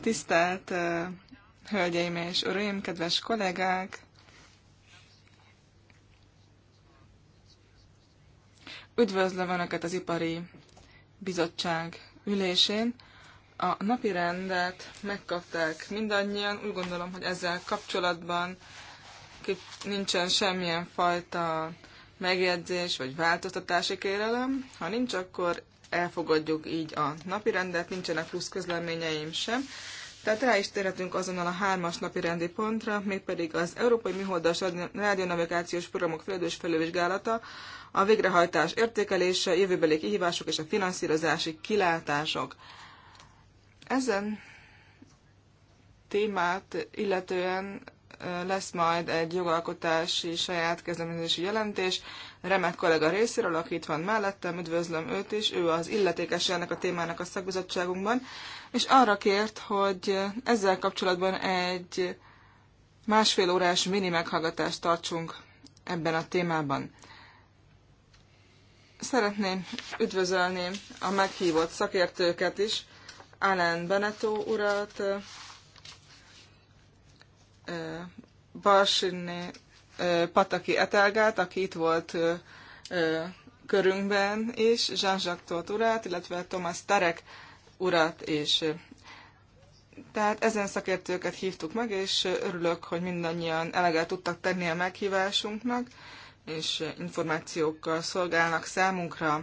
Tisztelt uh, Hölgyeim és Uraim, kedves kollégák! Üdvözlöm Önöket az Ipari Bizottság ülésén. A napi rendet megkapták mindannyian. Úgy gondolom, hogy ezzel kapcsolatban nincsen semmilyen fajta megjegyzés vagy változtatási kérelem. Ha nincs, akkor elfogadjuk így a napi rendet, nincsenek plusz közleményeim sem. Tehát rá is térhetünk azonnal a hármas napi rendi pontra, mégpedig az Európai Műholdas Rádionavigációs Programok Földős Felülvizsgálata, a végrehajtás értékelése, jövőbeli kihívások és a finanszírozási kilátások. Ezen témát illetően lesz majd egy jogalkotási saját kezdeményezési jelentés. Remek kollega részéről, aki itt van mellettem, üdvözlöm őt is, ő az illetékes ennek a témának a szakbizottságunkban, és arra kért, hogy ezzel kapcsolatban egy másfél órás mini meghallgatást tartsunk ebben a témában. Szeretném üdvözölni a meghívott szakértőket is, Alan Beneto urat, Barsinné Pataki Etelgát, aki itt volt körünkben is, Jean-Jacques urát, illetve Thomas Tarek urat is. Tehát ezen szakértőket hívtuk meg, és örülök, hogy mindannyian eleget tudtak tenni a meghívásunknak, és információkkal szolgálnak számunkra.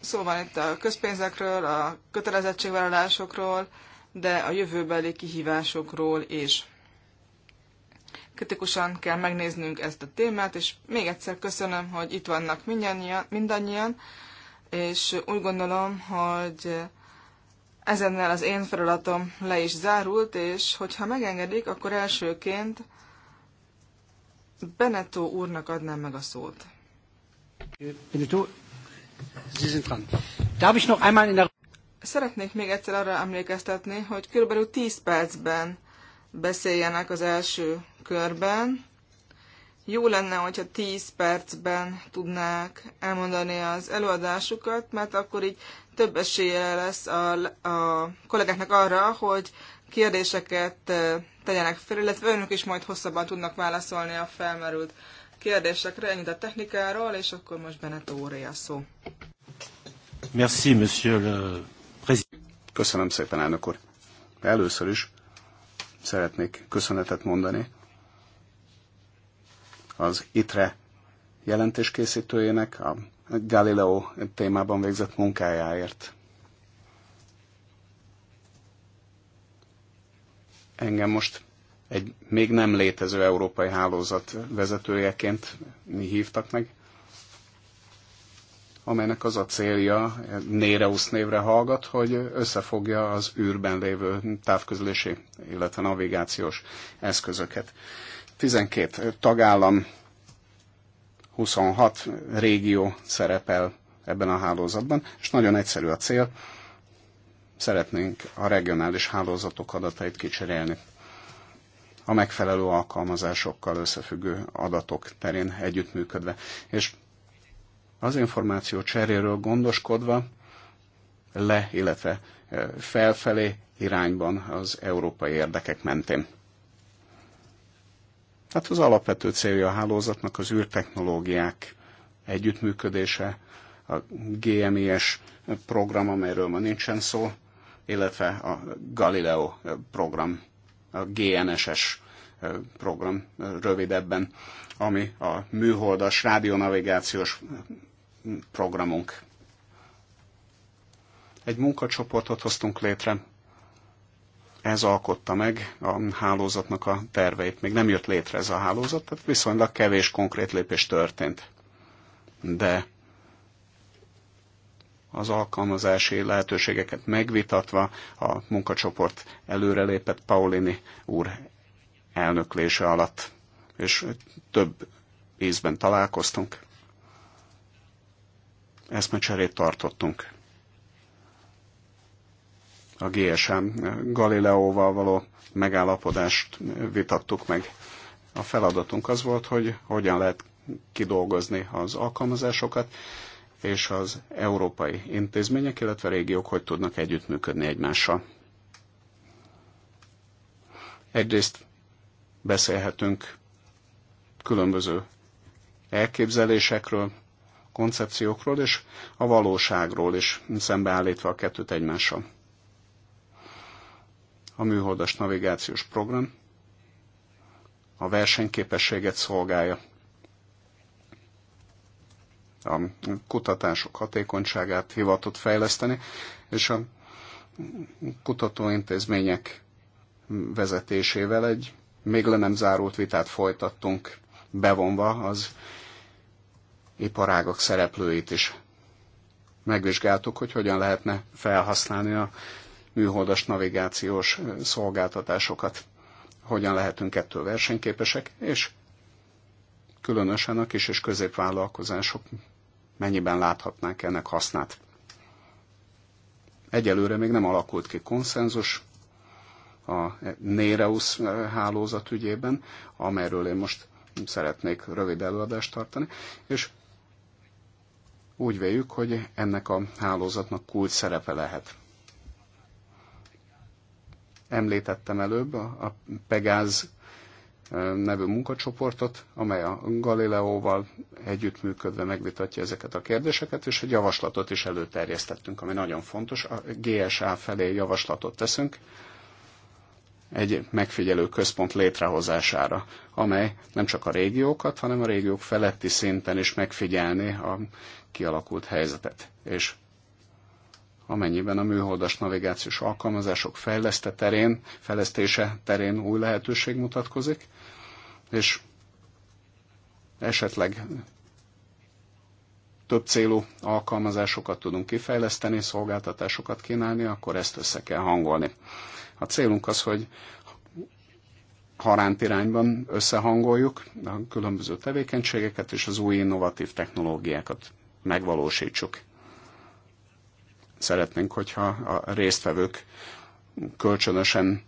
szóval itt a közpénzekről, a kötelezettségvállalásokról, de a jövőbeli kihívásokról is. Kritikusan kell megnéznünk ezt a témát, és még egyszer köszönöm, hogy itt vannak mindannyian, mindannyian és úgy gondolom, hogy ezennel az én feladatom le is zárult, és hogyha megengedik, akkor elsőként Benetó úrnak adnám meg a szót. Benetó, Sie sind dran. Darf ich noch einmal in der Szeretnék még egyszer arra emlékeztetni, hogy körülbelül 10 percben beszéljenek az első körben. Jó lenne, hogyha 10 percben tudnák elmondani az előadásukat, mert akkor így több esélye lesz a, a kollégáknak arra, hogy kérdéseket tegyenek fel, illetve önök is majd hosszabban tudnak válaszolni a felmerült kérdésekre. Ennyit a technikáról, és akkor most Benet Óré a szó. Merci, monsieur le Köszönöm szépen, elnök úr. Először is szeretnék köszönetet mondani az ITRE jelentéskészítőjének a Galileo témában végzett munkájáért. Engem most egy még nem létező európai hálózat vezetőjeként mi hívtak meg, amelynek az a célja, Néreusz névre hallgat, hogy összefogja az űrben lévő távközlési, illetve navigációs eszközöket. 12 tagállam, 26 régió szerepel ebben a hálózatban, és nagyon egyszerű a cél, szeretnénk a regionális hálózatok adatait kicserélni a megfelelő alkalmazásokkal összefüggő adatok terén együttműködve. És az információ cseréről gondoskodva le, illetve e, felfelé irányban az európai érdekek mentén. Tehát az alapvető célja a hálózatnak az űrtechnológiák együttműködése, a GMIS program, amelyről ma nincsen szó, illetve a Galileo program, a GNSS program rövidebben, ami a műholdas rádionavigációs programunk. Egy munkacsoportot hoztunk létre, ez alkotta meg a hálózatnak a terveit. Még nem jött létre ez a hálózat, tehát viszonylag kevés konkrét lépés történt. De az alkalmazási lehetőségeket megvitatva a munkacsoport előrelépett Paulini úr elnöklése alatt, és több ízben találkoztunk eszmecserét tartottunk. A GSM Galileóval való megállapodást vitattuk meg. A feladatunk az volt, hogy hogyan lehet kidolgozni az alkalmazásokat, és az európai intézmények, illetve régiók hogy tudnak együttműködni egymással. Egyrészt beszélhetünk különböző elképzelésekről, koncepciókról és a valóságról is szembeállítva a kettőt egymással. A műholdas navigációs program a versenyképességet szolgálja. A kutatások hatékonyságát hivatott fejleszteni, és a kutatóintézmények vezetésével egy még le nem zárult vitát folytattunk, bevonva az iparágok szereplőit is megvizsgáltuk, hogy hogyan lehetne felhasználni a műholdas navigációs szolgáltatásokat, hogyan lehetünk ettől versenyképesek, és különösen a kis és középvállalkozások mennyiben láthatnák ennek hasznát. Egyelőre még nem alakult ki konszenzus a Néreus eh, hálózat ügyében, amelyről én most szeretnék rövid előadást tartani, és úgy véljük, hogy ennek a hálózatnak kulcs szerepe lehet. Említettem előbb a Pegáz nevű munkacsoportot, amely a Galileóval együttműködve megvitatja ezeket a kérdéseket, és egy javaslatot is előterjesztettünk, ami nagyon fontos. A GSA felé javaslatot teszünk, egy megfigyelő központ létrehozására, amely nem csak a régiókat, hanem a régiók feletti szinten is megfigyelni a kialakult helyzetet. És amennyiben a műholdas navigációs alkalmazások fejleszte terén, fejlesztése terén új lehetőség mutatkozik, és esetleg több célú alkalmazásokat tudunk kifejleszteni, szolgáltatásokat kínálni, akkor ezt össze kell hangolni. A célunk az, hogy haránt irányban összehangoljuk a különböző tevékenységeket és az új innovatív technológiákat megvalósítsuk. Szeretnénk, hogyha a résztvevők kölcsönösen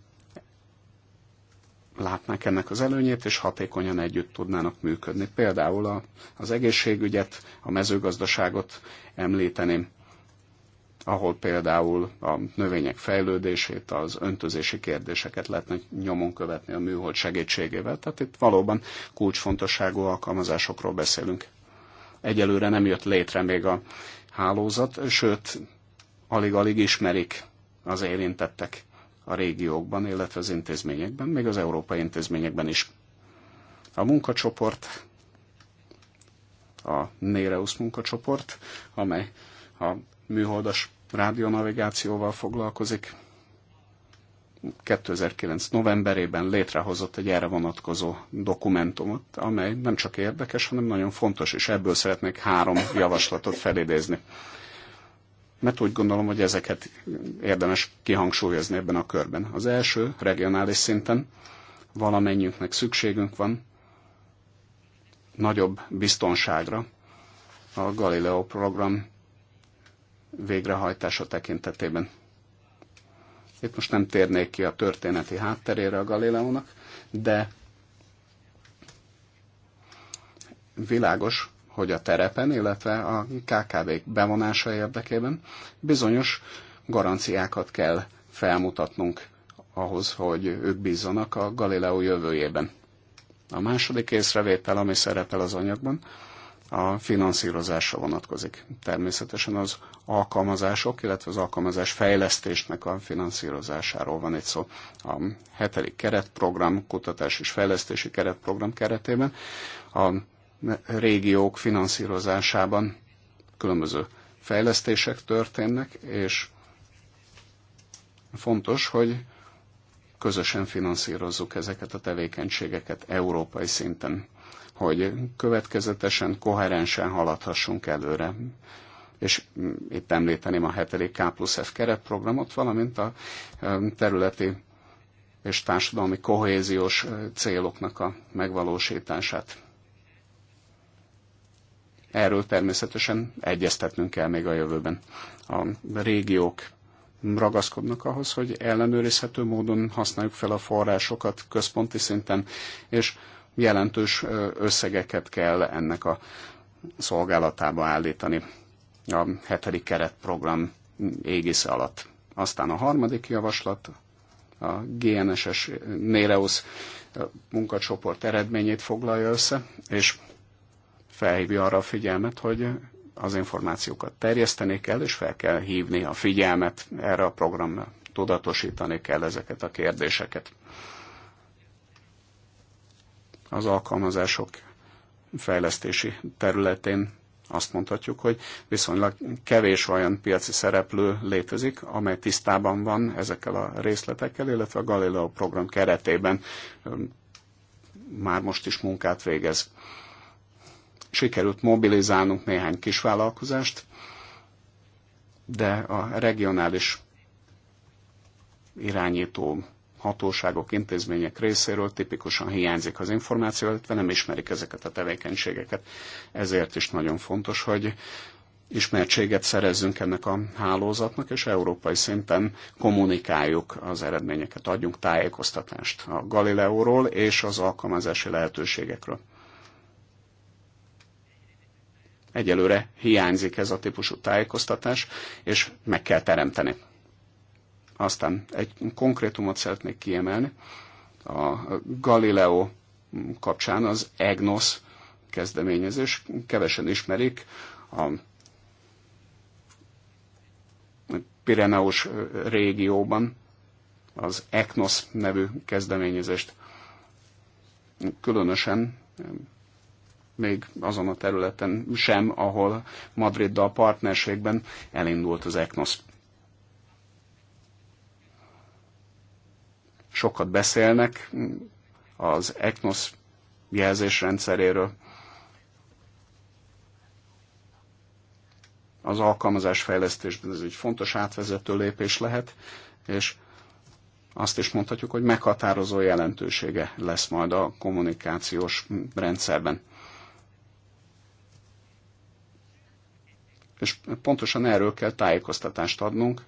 látnák ennek az előnyét, és hatékonyan együtt tudnának működni. Például a, az egészségügyet, a mezőgazdaságot említeném ahol például a növények fejlődését, az öntözési kérdéseket lehetne nyomon követni a műhold segítségével. Tehát itt valóban kulcsfontosságú alkalmazásokról beszélünk. Egyelőre nem jött létre még a hálózat, sőt, alig-alig ismerik az érintettek a régiókban, illetve az intézményekben, még az európai intézményekben is. A munkacsoport, a Néreusz munkacsoport, amely a műholdas rádionavigációval foglalkozik. 2009. novemberében létrehozott egy erre vonatkozó dokumentumot, amely nem csak érdekes, hanem nagyon fontos, és ebből szeretnék három javaslatot felidézni. Mert úgy gondolom, hogy ezeket érdemes kihangsúlyozni ebben a körben. Az első, regionális szinten valamennyünknek szükségünk van nagyobb biztonságra a Galileo program végrehajtása tekintetében. Itt most nem térnék ki a történeti hátterére a Galileónak, de világos, hogy a terepen, illetve a kkv bevonása érdekében bizonyos garanciákat kell felmutatnunk ahhoz, hogy ők bízzanak a Galileo jövőjében. A második észrevétel, ami szerepel az anyagban, a finanszírozásra vonatkozik. Természetesen az alkalmazások, illetve az alkalmazás fejlesztésnek a finanszírozásáról van egy szó. A hetedik keretprogram, kutatás és fejlesztési keretprogram keretében a régiók finanszírozásában különböző fejlesztések történnek, és fontos, hogy közösen finanszírozzuk ezeket a tevékenységeket európai szinten hogy következetesen, koherensen haladhassunk előre. És itt említeném a 7. K plusz F keretprogramot, valamint a területi és társadalmi kohéziós céloknak a megvalósítását. Erről természetesen egyeztetnünk kell még a jövőben. A régiók ragaszkodnak ahhoz, hogy ellenőrizhető módon használjuk fel a forrásokat központi szinten, és jelentős összegeket kell ennek a szolgálatába állítani a hetedik keretprogram égisze alatt. Aztán a harmadik javaslat, a GNSS Néreusz munkacsoport eredményét foglalja össze, és felhívja arra a figyelmet, hogy az információkat terjeszteni kell, és fel kell hívni a figyelmet erre a programra, tudatosítani kell ezeket a kérdéseket az alkalmazások fejlesztési területén azt mondhatjuk, hogy viszonylag kevés olyan piaci szereplő létezik, amely tisztában van ezekkel a részletekkel, illetve a Galileo program keretében már most is munkát végez. Sikerült mobilizálnunk néhány kisvállalkozást, de a regionális irányító hatóságok, intézmények részéről tipikusan hiányzik az információ, illetve nem ismerik ezeket a tevékenységeket. Ezért is nagyon fontos, hogy ismertséget szerezzünk ennek a hálózatnak, és európai szinten kommunikáljuk az eredményeket, adjunk tájékoztatást a Galileóról és az alkalmazási lehetőségekről. Egyelőre hiányzik ez a típusú tájékoztatás, és meg kell teremteni. Aztán egy konkrétumot szeretnék kiemelni. A Galileo kapcsán az EGNOS kezdeményezés, kevesen ismerik, a Pireneus régióban az Egnos nevű kezdeményezést. Különösen még azon a területen sem, ahol Madriddal partnerségben elindult az Egnos. sokat beszélnek az ECNOS jelzésrendszeréről. Az alkalmazás fejlesztésben ez egy fontos átvezető lépés lehet, és azt is mondhatjuk, hogy meghatározó jelentősége lesz majd a kommunikációs rendszerben. És pontosan erről kell tájékoztatást adnunk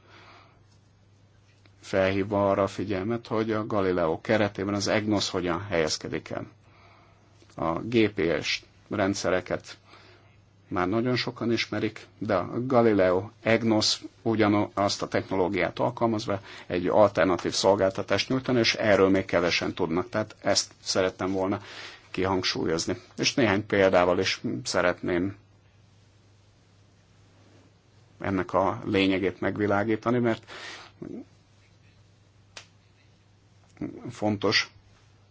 felhívva arra a figyelmet, hogy a Galileo keretében az EGNOS hogyan helyezkedik el. A GPS rendszereket már nagyon sokan ismerik, de a Galileo EGNOS ugyanazt a technológiát alkalmazva egy alternatív szolgáltatást nyújtani, és erről még kevesen tudnak. Tehát ezt szerettem volna kihangsúlyozni. És néhány példával is szeretném ennek a lényegét megvilágítani, mert fontos,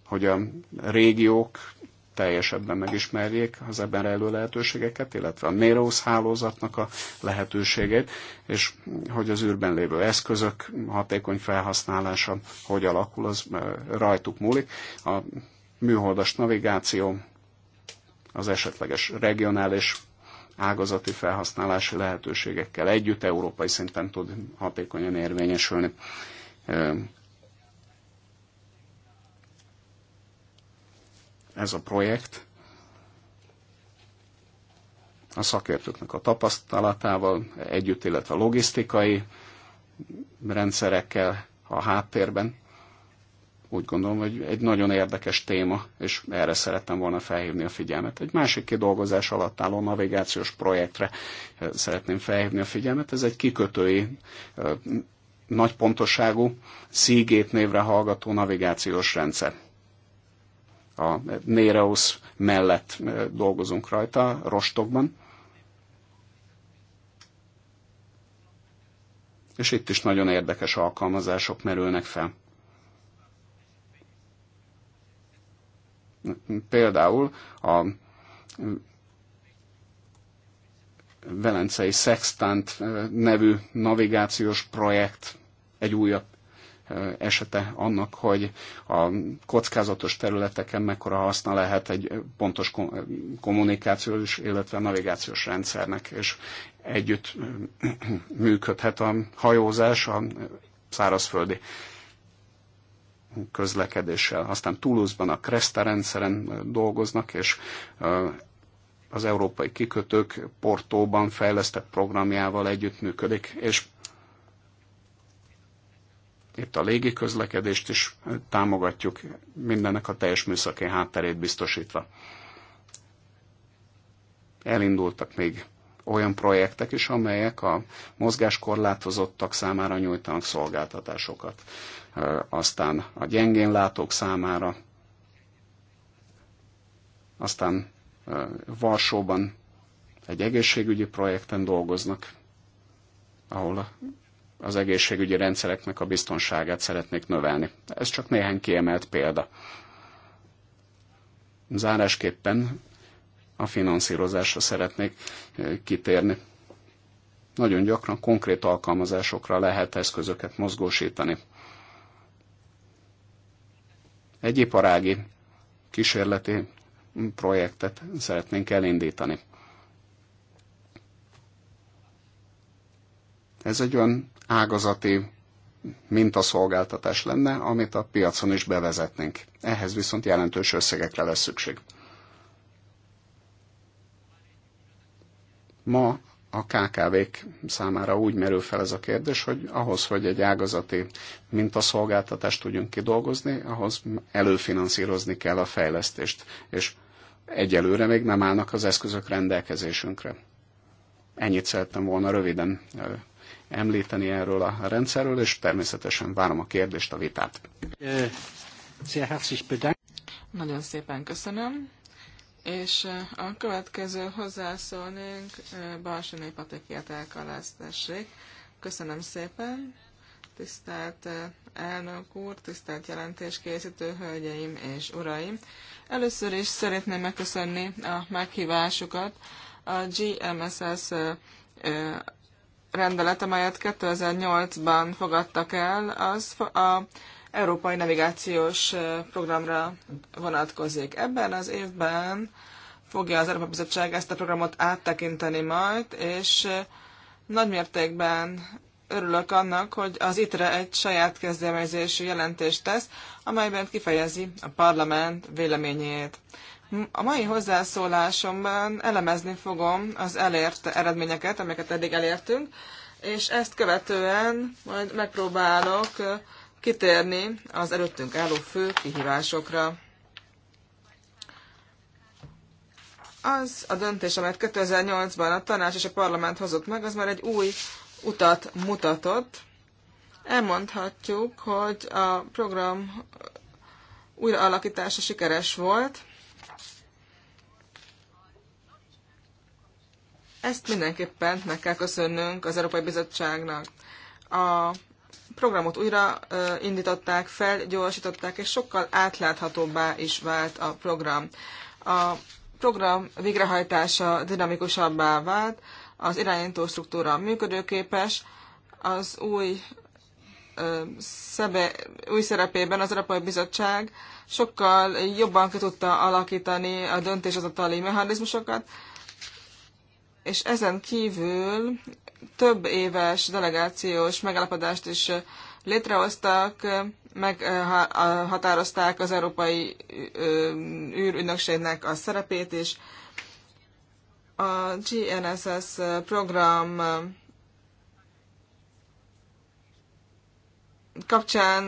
hogy a régiók teljesebben megismerjék az ebben rejlő lehetőségeket, illetve a Mérosz hálózatnak a lehetőségét, és hogy az űrben lévő eszközök hatékony felhasználása hogy alakul, az rajtuk múlik. A műholdas navigáció, az esetleges regionális ágazati felhasználási lehetőségekkel együtt európai szinten tud hatékonyan érvényesülni. ez a projekt a szakértőknek a tapasztalatával együtt, illetve a logisztikai rendszerekkel a háttérben. Úgy gondolom, hogy egy nagyon érdekes téma, és erre szerettem volna felhívni a figyelmet. Egy másik kidolgozás alatt álló navigációs projektre szeretném felhívni a figyelmet. Ez egy kikötői nagy pontosságú, Seagate névre hallgató navigációs rendszer a Néreus mellett dolgozunk rajta, Rostokban. És itt is nagyon érdekes alkalmazások merülnek fel. Például a Velencei Sextant nevű navigációs projekt egy újabb esete annak, hogy a kockázatos területeken mekkora haszna lehet egy pontos kommunikációs, illetve navigációs rendszernek, és együtt működhet a hajózás a szárazföldi közlekedéssel. Aztán Toulouse-ban a Cresta rendszeren dolgoznak, és az európai kikötők Portóban fejlesztett programjával együttműködik, és itt a légi közlekedést is támogatjuk, mindennek a teljes műszaki hátterét biztosítva. Elindultak még olyan projektek is, amelyek a mozgáskorlátozottak számára nyújtanak szolgáltatásokat. Aztán a gyengén látók számára, aztán Varsóban egy egészségügyi projekten dolgoznak, ahol az egészségügyi rendszereknek a biztonságát szeretnék növelni. Ez csak néhány kiemelt példa. Zárásképpen a finanszírozásra szeretnék kitérni. Nagyon gyakran konkrét alkalmazásokra lehet eszközöket mozgósítani. Egy iparági kísérleti projektet szeretnénk elindítani. Ez egy olyan ágazati mintaszolgáltatás lenne, amit a piacon is bevezetnénk. Ehhez viszont jelentős összegekre lesz szükség. Ma a KKV-k számára úgy merül fel ez a kérdés, hogy ahhoz, hogy egy ágazati mintaszolgáltatást tudjunk kidolgozni, ahhoz előfinanszírozni kell a fejlesztést, és egyelőre még nem állnak az eszközök rendelkezésünkre. Ennyit szerettem volna röviden említeni erről a rendszerről, és természetesen várom a kérdést, a vitát. Nagyon szépen köszönöm. És a következő hozzászólnénk Balsiné Patikért elkalásztessék. Köszönöm szépen, tisztelt elnök úr, tisztelt jelentéskészítő hölgyeim és uraim. Először is szeretném megköszönni a meghívásukat. A GMSS rendelet, amelyet 2008-ban fogadtak el, az a Európai Navigációs Programra vonatkozik. Ebben az évben fogja az Európai Bizottság ezt a programot áttekinteni majd, és nagymértékben örülök annak, hogy az ITRE egy saját kezdeményezésű jelentést tesz, amelyben kifejezi a parlament véleményét. A mai hozzászólásomban elemezni fogom az elért eredményeket, amiket eddig elértünk, és ezt követően majd megpróbálok kitérni az előttünk álló fő kihívásokra. Az a döntés, amelyet 2008-ban a tanács és a parlament hozott meg, az már egy új utat mutatott. Elmondhatjuk, hogy a program újraalakítása sikeres volt, Ezt mindenképpen meg kell köszönnünk az Európai Bizottságnak. A programot újra indították, felgyorsították, és sokkal átláthatóbbá is vált a program. A program végrehajtása dinamikusabbá vált, az irányító struktúra működőképes, az új, ö, szebe, új szerepében az Európai Bizottság sokkal jobban ki tudta alakítani a döntéshozatali mechanizmusokat, és ezen kívül több éves delegációs megállapodást is létrehoztak, meghatározták az Európai űrügynökségnek a szerepét, és a GNSS program kapcsán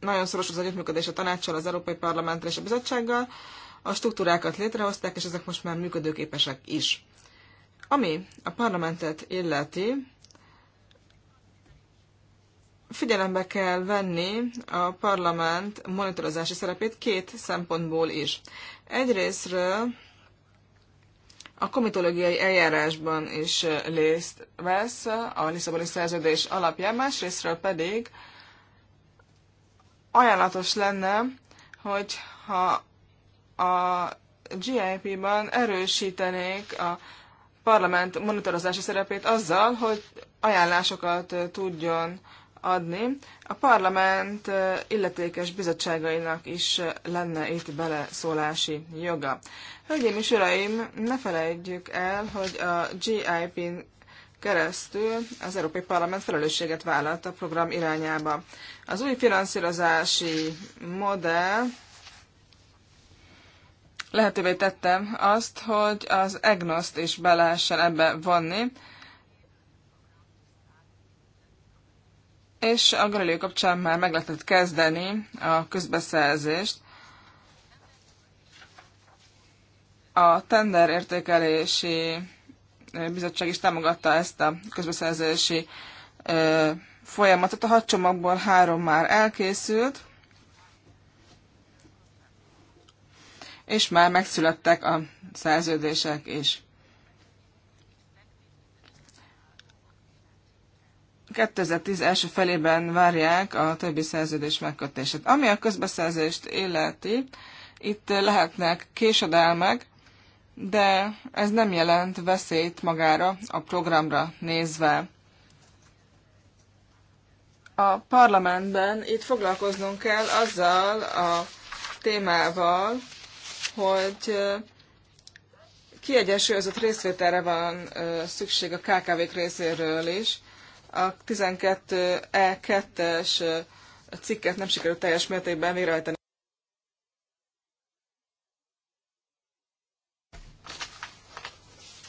nagyon szoros az együttműködés a tanácssal, az Európai Parlamentre és a bizottsággal, a struktúrákat létrehozták, és ezek most már működőképesek is. Ami a parlamentet illeti, figyelembe kell venni a parlament monitorozási szerepét két szempontból is. Egyrésztről a komitológiai eljárásban is részt vesz a Lisszaboni szerződés alapján, másrésztről pedig ajánlatos lenne, hogy ha a GIP-ban erősítenék a parlament monitorozási szerepét azzal, hogy ajánlásokat tudjon adni. A parlament illetékes bizottságainak is lenne itt beleszólási joga. Hölgyeim és uraim, ne felejtjük el, hogy a GIP-n keresztül az Európai Parlament felelősséget vállalt a program irányába. Az új finanszírozási modell lehetővé tettem azt, hogy az egnoszt is be lehessen ebbe vonni, és a Galileo kapcsán már meg lehetett kezdeni a közbeszerzést. A tender értékelési bizottság is támogatta ezt a közbeszerzési folyamatot. A hat csomagból három már elkészült, és már megszülettek a szerződések is. 2010 első felében várják a többi szerződés megkötését. Ami a közbeszerzést illeti, itt lehetnek késedelmek, de ez nem jelent veszélyt magára a programra nézve. A parlamentben itt foglalkoznunk kell azzal a témával, hogy kiegyensúlyozott részvételre van szükség a KKV-k részéről is. A 12E2-es e cikket nem sikerült teljes mértékben végrehajtani.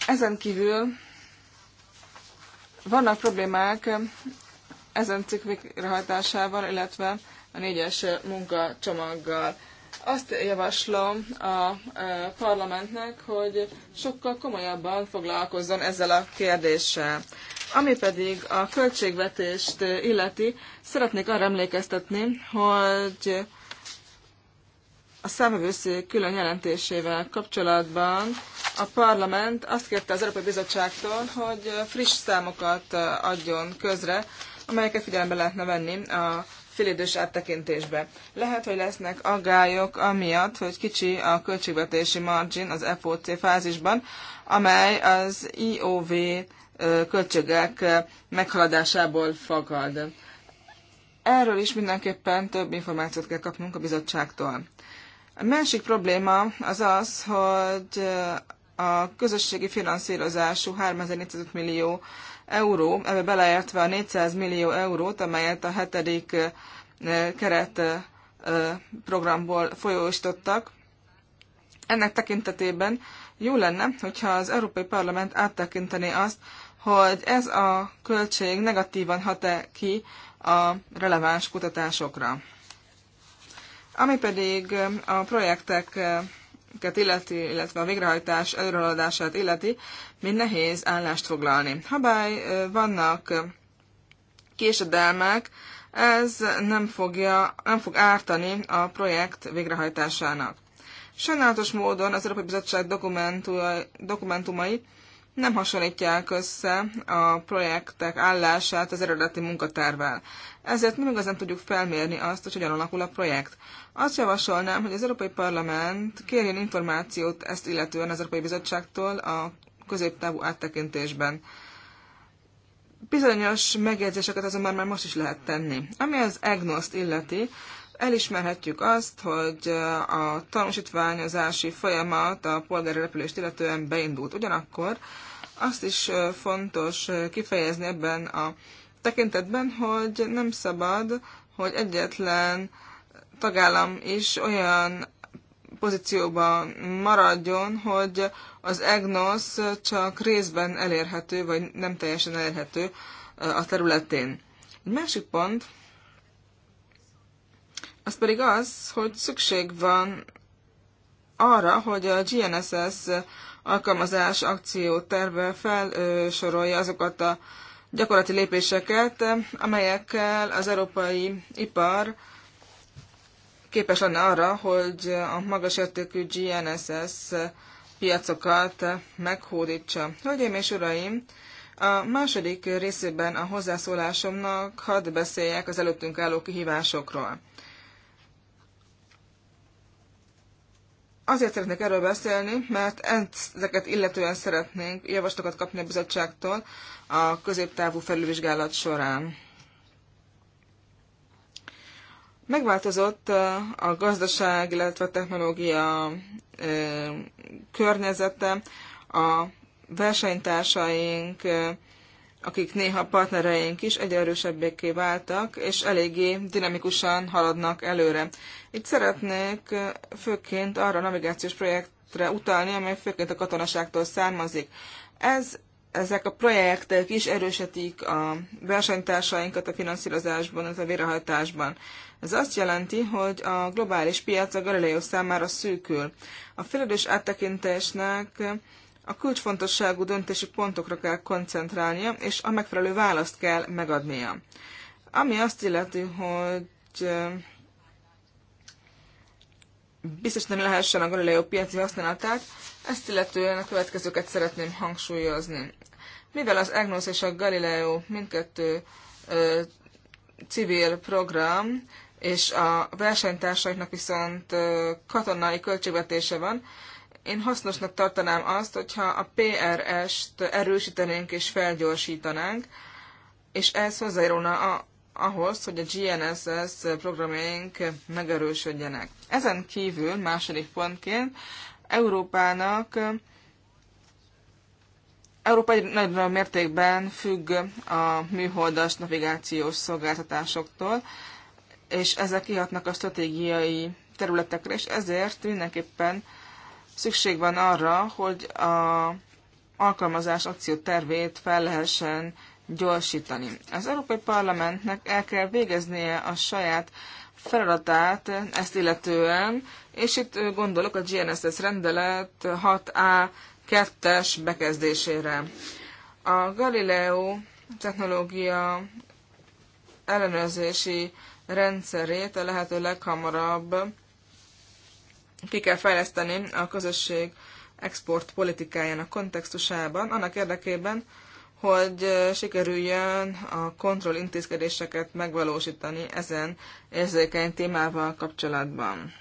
Ezen kívül vannak problémák ezen cikk végrehajtásával, illetve a négyes munkacsomaggal. Azt javaslom a parlamentnek, hogy sokkal komolyabban foglalkozzon ezzel a kérdéssel. Ami pedig a költségvetést illeti, szeretnék arra emlékeztetni, hogy a számvevőszék külön jelentésével kapcsolatban a parlament azt kérte az Európai Bizottságtól, hogy friss számokat adjon közre, amelyeket figyelembe lehetne venni a félidős áttekintésbe. Lehet, hogy lesznek aggályok amiatt, hogy kicsi a költségvetési margin az FOC fázisban, amely az IOV költségek meghaladásából fakad. Erről is mindenképpen több információt kell kapnunk a bizottságtól. A másik probléma az az, hogy a közösségi finanszírozású 3405 millió euró, ebbe beleértve a 400 millió eurót, amelyet a hetedik keret programból folyósítottak. Ennek tekintetében jó lenne, hogyha az Európai Parlament áttekinteni azt, hogy ez a költség negatívan hat-e ki a releváns kutatásokra. Ami pedig a projektek illeti, illetve a végrehajtás előreladását illeti, még nehéz állást foglalni. Habály vannak késedelmek, ez nem, fogja, nem fog ártani a projekt végrehajtásának. Sajnálatos módon az Európai Bizottság dokumentumai nem hasonlítják össze a projektek állását az eredeti munkatervvel. Ezért nem igazán tudjuk felmérni azt, hogy hogyan alakul a projekt. Azt javasolnám, hogy az Európai Parlament kérjen információt ezt illetően az Európai Bizottságtól a középtávú áttekintésben. Bizonyos megjegyzéseket azonban már most is lehet tenni. Ami az egnos t illeti, elismerhetjük azt, hogy a tanúsítványozási folyamat a polgári repülést illetően beindult. Ugyanakkor azt is fontos kifejezni ebben a tekintetben, hogy nem szabad, hogy egyetlen tagállam is olyan pozícióban maradjon, hogy az EGNOS csak részben elérhető, vagy nem teljesen elérhető a területén. Egy másik pont, az pedig az, hogy szükség van arra, hogy a GNSS alkalmazás terve felsorolja azokat a gyakorlati lépéseket, amelyekkel az európai ipar képes lenne arra, hogy a magas értékű GNSS piacokat meghódítsa. Hölgyeim és uraim, a második részében a hozzászólásomnak hadd beszéljek az előttünk álló kihívásokról. Azért szeretnék erről beszélni, mert ezeket illetően szeretnénk javaslatokat kapni a bizottságtól a középtávú felülvizsgálat során. Megváltozott a gazdaság, illetve a technológia környezete, a versenytársaink akik néha partnereink is egyre erősebbéké váltak, és eléggé dinamikusan haladnak előre. Itt szeretnék főként arra a navigációs projektre utalni, amely főként a katonaságtól származik. Ez, ezek a projektek is erősítik a versenytársainkat a finanszírozásban, az a vérehajtásban. Ez azt jelenti, hogy a globális piac a Galileo számára szűkül. A felelős áttekintésnek a kulcsfontosságú döntési pontokra kell koncentrálnia, és a megfelelő választ kell megadnia. Ami azt illeti, hogy biztos nem lehessen a Galileo piaci használatát, ezt illetően a következőket szeretném hangsúlyozni. Mivel az EGNOS és a Galileo mindkettő ö, civil program, és a versenytársaiknak viszont katonai költségvetése van, én hasznosnak tartanám azt, hogyha a PRS-t erősítenénk és felgyorsítanánk, és ez hozzájárulna a, ahhoz, hogy a GNSS programjaink megerősödjenek. Ezen kívül, második pontként, Európának Európa egy nagy mértékben függ a műholdas navigációs szolgáltatásoktól, és ezek kihatnak a stratégiai területekre, és ezért mindenképpen szükség van arra, hogy a alkalmazás tervét fel lehessen gyorsítani. Az Európai Parlamentnek el kell végeznie a saját feladatát ezt illetően, és itt gondolok a GNSS rendelet 6A 2-es bekezdésére. A Galileo technológia ellenőrzési rendszerét a lehető leghamarabb ki kell fejleszteni a közösség export politikájának kontextusában, annak érdekében, hogy sikerüljön a kontroll intézkedéseket megvalósítani ezen érzékeny témával kapcsolatban.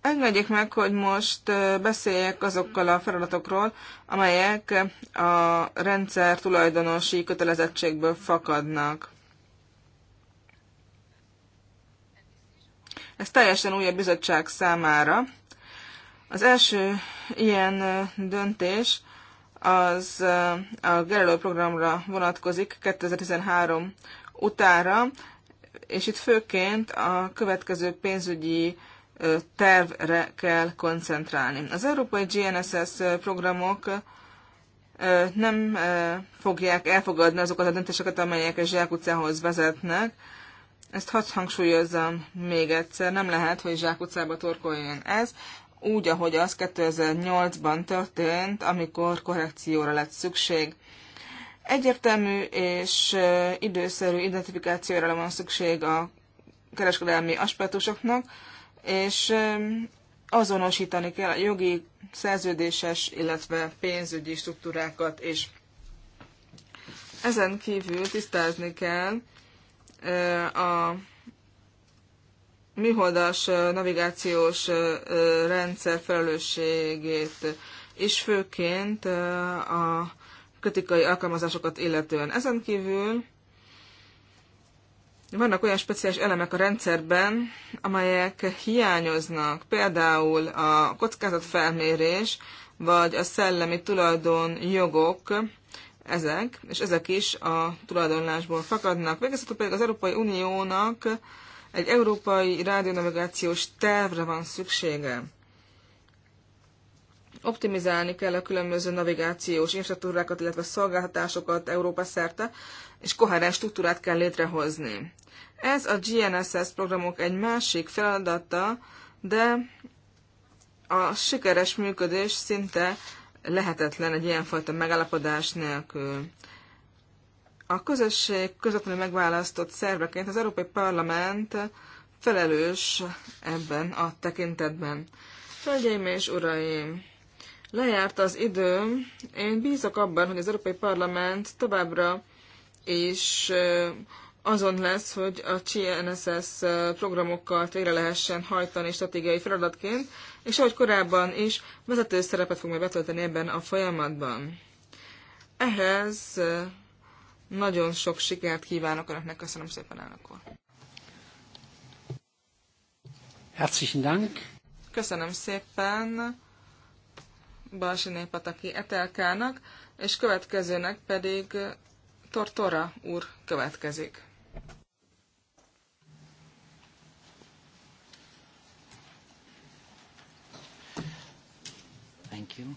Engedjék meg, hogy most beszéljek azokkal a feladatokról, amelyek a rendszer tulajdonosi kötelezettségből fakadnak. Ez teljesen új a bizottság számára. Az első ilyen döntés az a Gerelő programra vonatkozik 2013 utára, és itt főként a következő pénzügyi tervre kell koncentrálni. Az európai GNSS programok nem fogják elfogadni azokat a döntéseket, amelyek a zsákutcához vezetnek, ezt hadd hangsúlyozzam még egyszer, nem lehet, hogy zsákutcába torkoljon ez, úgy, ahogy az 2008-ban történt, amikor korrekcióra lett szükség. Egyértelmű és időszerű identifikációra van szükség a kereskedelmi aspektusoknak, és azonosítani kell a jogi, szerződéses, illetve pénzügyi struktúrákat is. Ezen kívül tisztázni kell, a műholdas navigációs rendszer felelősségét és főként a kritikai alkalmazásokat illetően. Ezen kívül vannak olyan speciális elemek a rendszerben, amelyek hiányoznak, például a kockázatfelmérés, vagy a szellemi tulajdon jogok ezek, és ezek is a tulajdonlásból fakadnak. Végezetül pedig az Európai Uniónak egy európai rádionavigációs tervre van szüksége. Optimizálni kell a különböző navigációs infrastruktúrákat, illetve szolgáltatásokat Európa szerte, és koherens struktúrát kell létrehozni. Ez a GNSS programok egy másik feladata, de a sikeres működés szinte lehetetlen egy ilyenfajta megállapodás nélkül. A közösség közvetlenül megválasztott szerveként az Európai Parlament felelős ebben a tekintetben. Hölgyeim és uraim! Lejárt az idő. Én bízok abban, hogy az Európai Parlament továbbra is azon lesz, hogy a CNSS programokkal végre lehessen hajtani stratégiai feladatként, és ahogy korábban is, vezető szerepet fog majd betölteni ebben a folyamatban. Ehhez nagyon sok sikert kívánok önöknek, köszönöm szépen, elnök úr. Herzlichen Dank. Köszönöm szépen Balsiné Pataki Etelkának, és következőnek pedig Tortora úr következik. Thank you.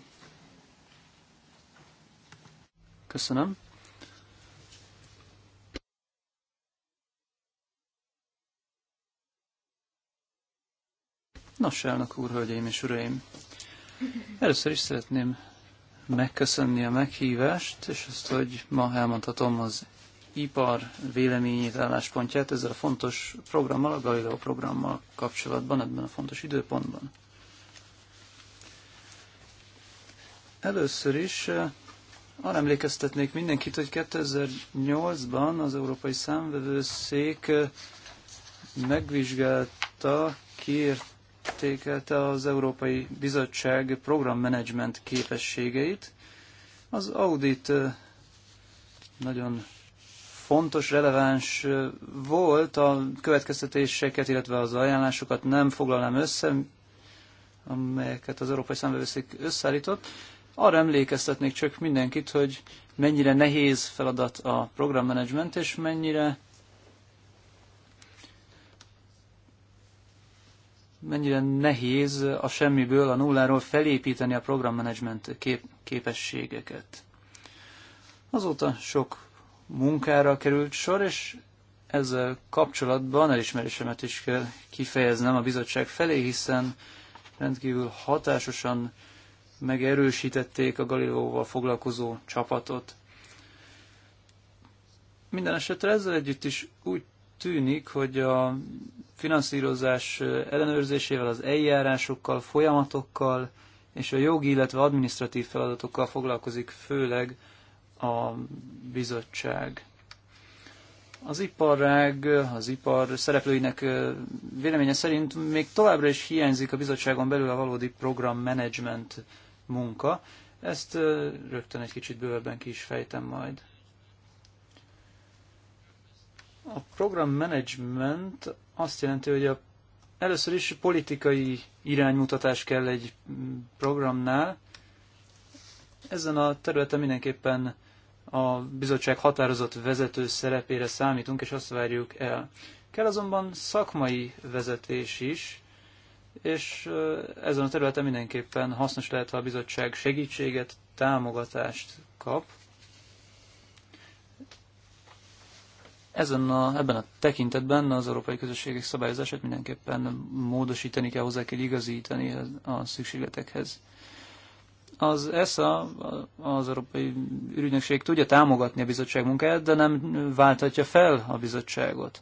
Köszönöm. Nos, elnök úr, hölgyeim és uraim! Először is szeretném megköszönni a meghívást, és azt, hogy ma elmondhatom az ipar véleményét, álláspontját ezzel a fontos programmal, a Galileo programmal kapcsolatban, ebben a fontos időpontban. Először is eh, arra emlékeztetnék mindenkit, hogy 2008-ban az Európai Számvevőszék eh, megvizsgálta, kiértékelte az Európai Bizottság programmenedzsment képességeit. Az audit eh, nagyon fontos, releváns volt, a következtetéseket, illetve az ajánlásokat nem foglalnám össze, amelyeket az Európai Számvevőszék összeállított, arra emlékeztetnék csak mindenkit, hogy mennyire nehéz feladat a programmenedzsment, és mennyire mennyire nehéz a semmiből, a nulláról felépíteni a programmenedzsment kép- képességeket. Azóta sok munkára került sor, és ezzel kapcsolatban elismerésemet is kell kifejeznem a bizottság felé, hiszen rendkívül hatásosan megerősítették a Galileóval foglalkozó csapatot. Minden esetre ezzel együtt is úgy tűnik, hogy a finanszírozás ellenőrzésével, az eljárásokkal, folyamatokkal és a jogi, illetve administratív feladatokkal foglalkozik főleg a bizottság. Az iparág, az ipar szereplőinek véleménye szerint még továbbra is hiányzik a bizottságon belül a valódi programmenedzsment munka. Ezt rögtön egy kicsit bővebben ki is fejtem majd. A program management azt jelenti, hogy a, először is politikai iránymutatás kell egy programnál. Ezen a területen mindenképpen a bizottság határozott vezető szerepére számítunk, és azt várjuk el. Kell azonban szakmai vezetés is, és ezen a területen mindenképpen hasznos lehet, ha a bizottság segítséget, támogatást kap. Ezen a, ebben a tekintetben az európai közösségek szabályozását mindenképpen módosítani kell, hozzá kell igazítani a szükségletekhez. Az ESA, az Európai Ürügynökség tudja támogatni a bizottság munkáját, de nem válthatja fel a bizottságot.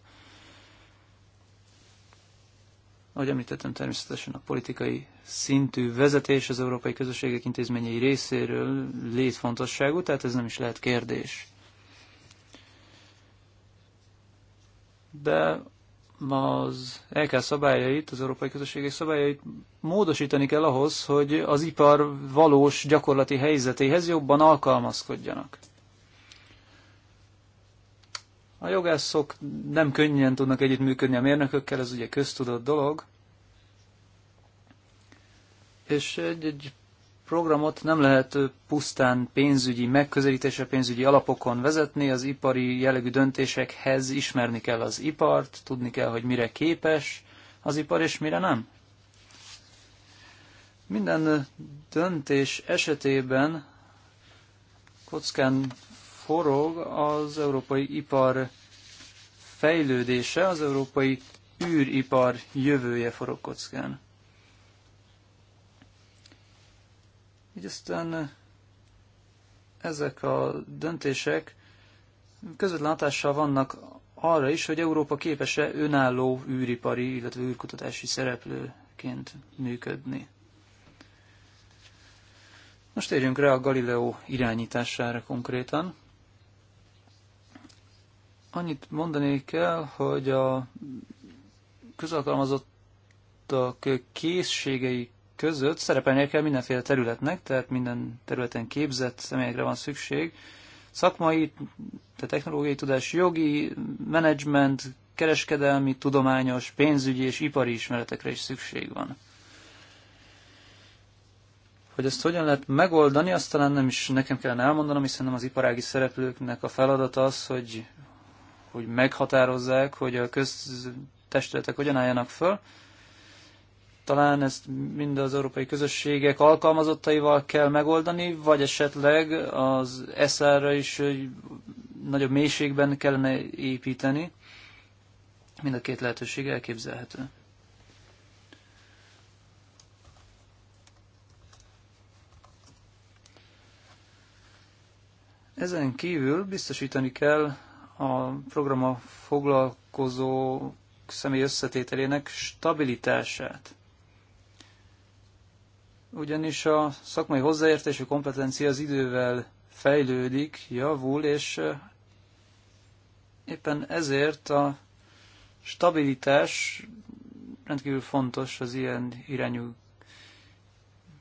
Ahogy említettem, természetesen a politikai szintű vezetés az Európai Közösségek intézményei részéről létfontosságú, tehát ez nem is lehet kérdés. De ma az LK szabályait, az Európai Közösségek szabályait módosítani kell ahhoz, hogy az ipar valós gyakorlati helyzetéhez jobban alkalmazkodjanak. A jogászok nem könnyen tudnak együttműködni a mérnökökkel, ez ugye köztudott dolog. És egy, egy programot nem lehet pusztán pénzügyi megközelítése, pénzügyi alapokon vezetni, az ipari jellegű döntésekhez ismerni kell az ipart, tudni kell, hogy mire képes az ipar és mire nem. Minden döntés esetében kockán forog az európai ipar fejlődése, az európai űripar jövője forog kockán. Így aztán ezek a döntések közvetlen hatással vannak arra is, hogy Európa képes-e önálló űripari, illetve űrkutatási szereplőként működni. Most térjünk rá a Galileo irányítására konkrétan. Annyit mondani kell, hogy a közalkalmazottak készségei között szerepelnie kell mindenféle területnek, tehát minden területen képzett személyekre van szükség. Szakmai, tehát technológiai tudás, jogi, menedzsment, kereskedelmi, tudományos, pénzügyi és ipari ismeretekre is szükség van. Hogy ezt hogyan lehet megoldani, azt talán nem is nekem kellene elmondanom, hiszen nem az iparági szereplőknek a feladata az, hogy hogy meghatározzák, hogy a köztestületek hogyan álljanak föl. Talán ezt mind az európai közösségek alkalmazottaival kell megoldani, vagy esetleg az SR-ra is nagyobb mélységben kellene építeni. Mind a két lehetőség elképzelhető. Ezen kívül biztosítani kell a programma foglalkozó személy összetételének stabilitását. Ugyanis a szakmai hozzáértésű kompetencia az idővel fejlődik, javul, és eh, éppen ezért a stabilitás rendkívül fontos az ilyen irányú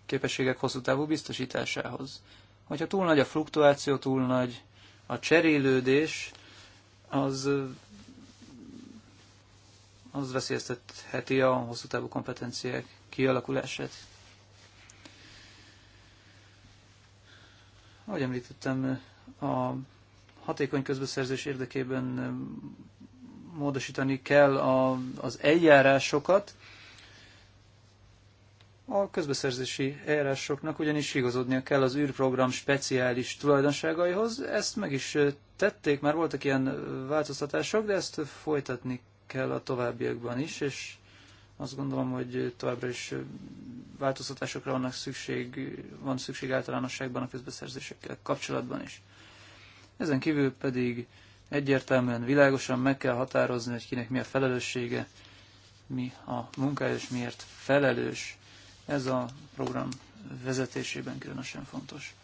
képességek hosszú távú biztosításához. Hogyha túl nagy a fluktuáció, túl nagy a cserélődés, az az veszélyeztetheti a hosszú távú kompetenciák kialakulását. Ahogy említettem, a hatékony közbeszerzés érdekében módosítani kell a, az eljárásokat, a közbeszerzési eljárásoknak ugyanis igazodnia kell az űrprogram speciális tulajdonságaihoz. Ezt meg is tették, már voltak ilyen változtatások, de ezt folytatni kell a továbbiakban is, és azt gondolom, hogy továbbra is változtatásokra vannak szükség, van szükség általánosságban a közbeszerzésekkel kapcsolatban is. Ezen kívül pedig egyértelműen, világosan meg kell határozni, hogy kinek mi a felelőssége, mi a munkája és miért felelős. Ez a program vezetésében különösen fontos.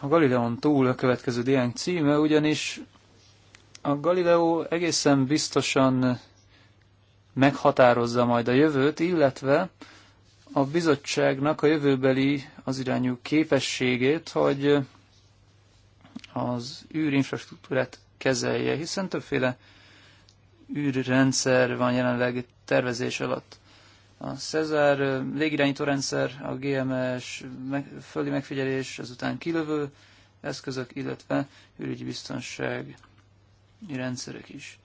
A Galileon túl a következő diánk címe, ugyanis a Galileo egészen biztosan meghatározza majd a jövőt, illetve a bizottságnak a jövőbeli az irányú képességét, hogy az űrinfrastruktúrát kezelje, hiszen többféle űrrendszer van jelenleg tervezés alatt. A Cezár légirányító rendszer, a GMS, meg, földi megfigyelés, ezután kilövő eszközök, illetve űrügyi biztonsági rendszerek is.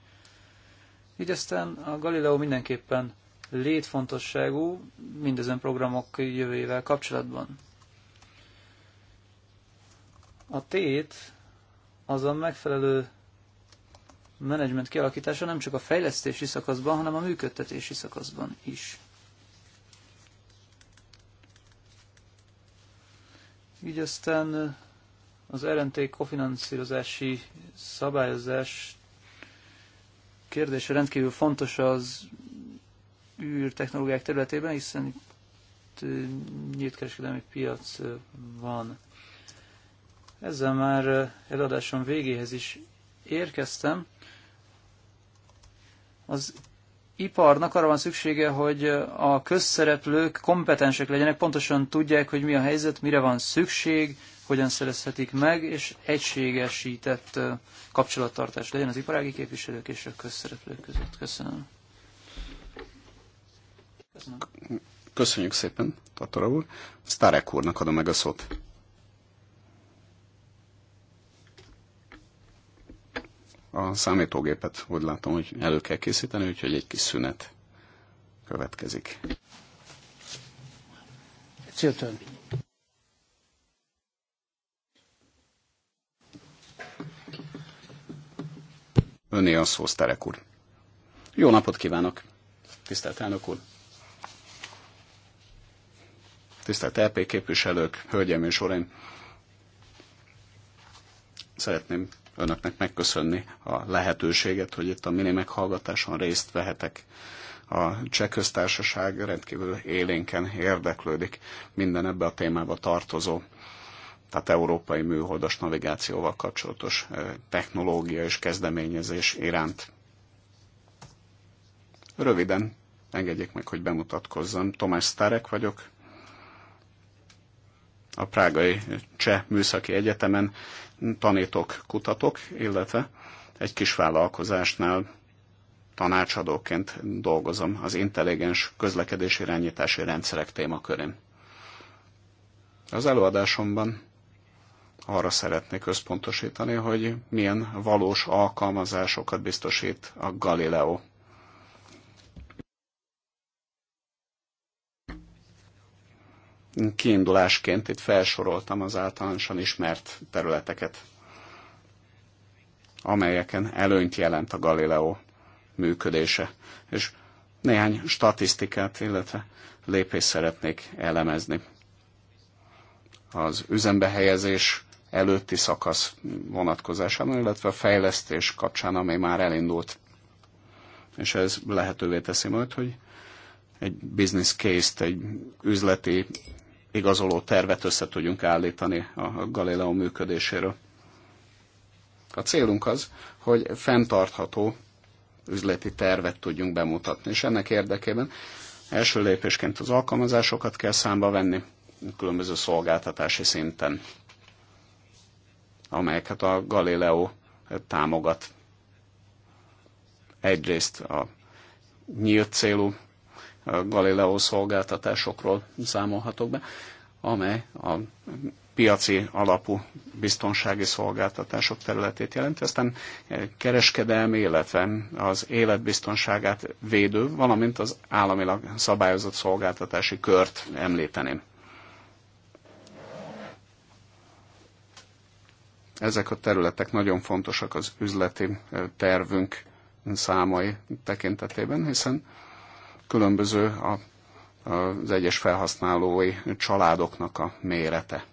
Így aztán a Galileo mindenképpen létfontosságú mindezen programok jövőjével kapcsolatban. A tét az a megfelelő menedzsment kialakítása nem csak a fejlesztési szakaszban, hanem a működtetési szakaszban is. Így aztán uh, az RNT kofinanszírozási szabályozás kérdése rendkívül fontos az űrtechnológiák területében, hiszen itt uh, nyílt kereskedelmi piac uh, van. Ezzel már előadásom végéhez is érkeztem az iparnak arra van szüksége, hogy a közszereplők kompetensek legyenek, pontosan tudják, hogy mi a helyzet, mire van szükség, hogyan szerezhetik meg, és egységesített kapcsolattartás legyen az iparági képviselők és a közszereplők között. Köszönöm. Köszönöm. Köszönjük szépen, Tatara úr. Sztárek úrnak adom meg a szót. a számítógépet úgy látom, hogy elő kell készíteni, úgyhogy egy kis szünet következik. It's Öné a szó, Terek úr. Jó napot kívánok, tisztelt elnök úr! Tisztelt LP képviselők, hölgyeim és uraim! Szeretném önöknek megköszönni a lehetőséget, hogy itt a mini meghallgatáson részt vehetek. A cseh köztársaság rendkívül élénken érdeklődik minden ebbe a témába tartozó tehát európai műholdas navigációval kapcsolatos eh, technológia és kezdeményezés iránt. Röviden engedjék meg, hogy bemutatkozzam. Tomás Starek vagyok, a Prágai Cseh Műszaki Egyetemen tanítok, kutatok, illetve egy kis vállalkozásnál tanácsadóként dolgozom az intelligens közlekedés irányítási rendszerek témakörén. Az előadásomban arra szeretnék összpontosítani, hogy milyen valós alkalmazásokat biztosít a Galileo kiindulásként itt felsoroltam az általánosan ismert területeket, amelyeken előnyt jelent a Galileo működése. És néhány statisztikát, illetve lépést szeretnék elemezni. Az üzembehelyezés előtti szakasz vonatkozásában, illetve a fejlesztés kapcsán, amely már elindult. És ez lehetővé teszi majd, hogy egy business case-t, egy üzleti igazoló tervet össze tudjunk állítani a Galileo működéséről. A célunk az, hogy fenntartható üzleti tervet tudjunk bemutatni, és ennek érdekében első lépésként az alkalmazásokat kell számba venni különböző szolgáltatási szinten, amelyeket a Galileo támogat. Egyrészt a nyílt célú a Galileo szolgáltatásokról számolhatok be, amely a piaci alapú biztonsági szolgáltatások területét jelenti, aztán eh, kereskedelmi, illetve az életbiztonságát védő, valamint az államilag szabályozott szolgáltatási kört említeném. Ezek a területek nagyon fontosak az üzleti eh, tervünk számai tekintetében, hiszen különböző a, az egyes felhasználói családoknak a mérete.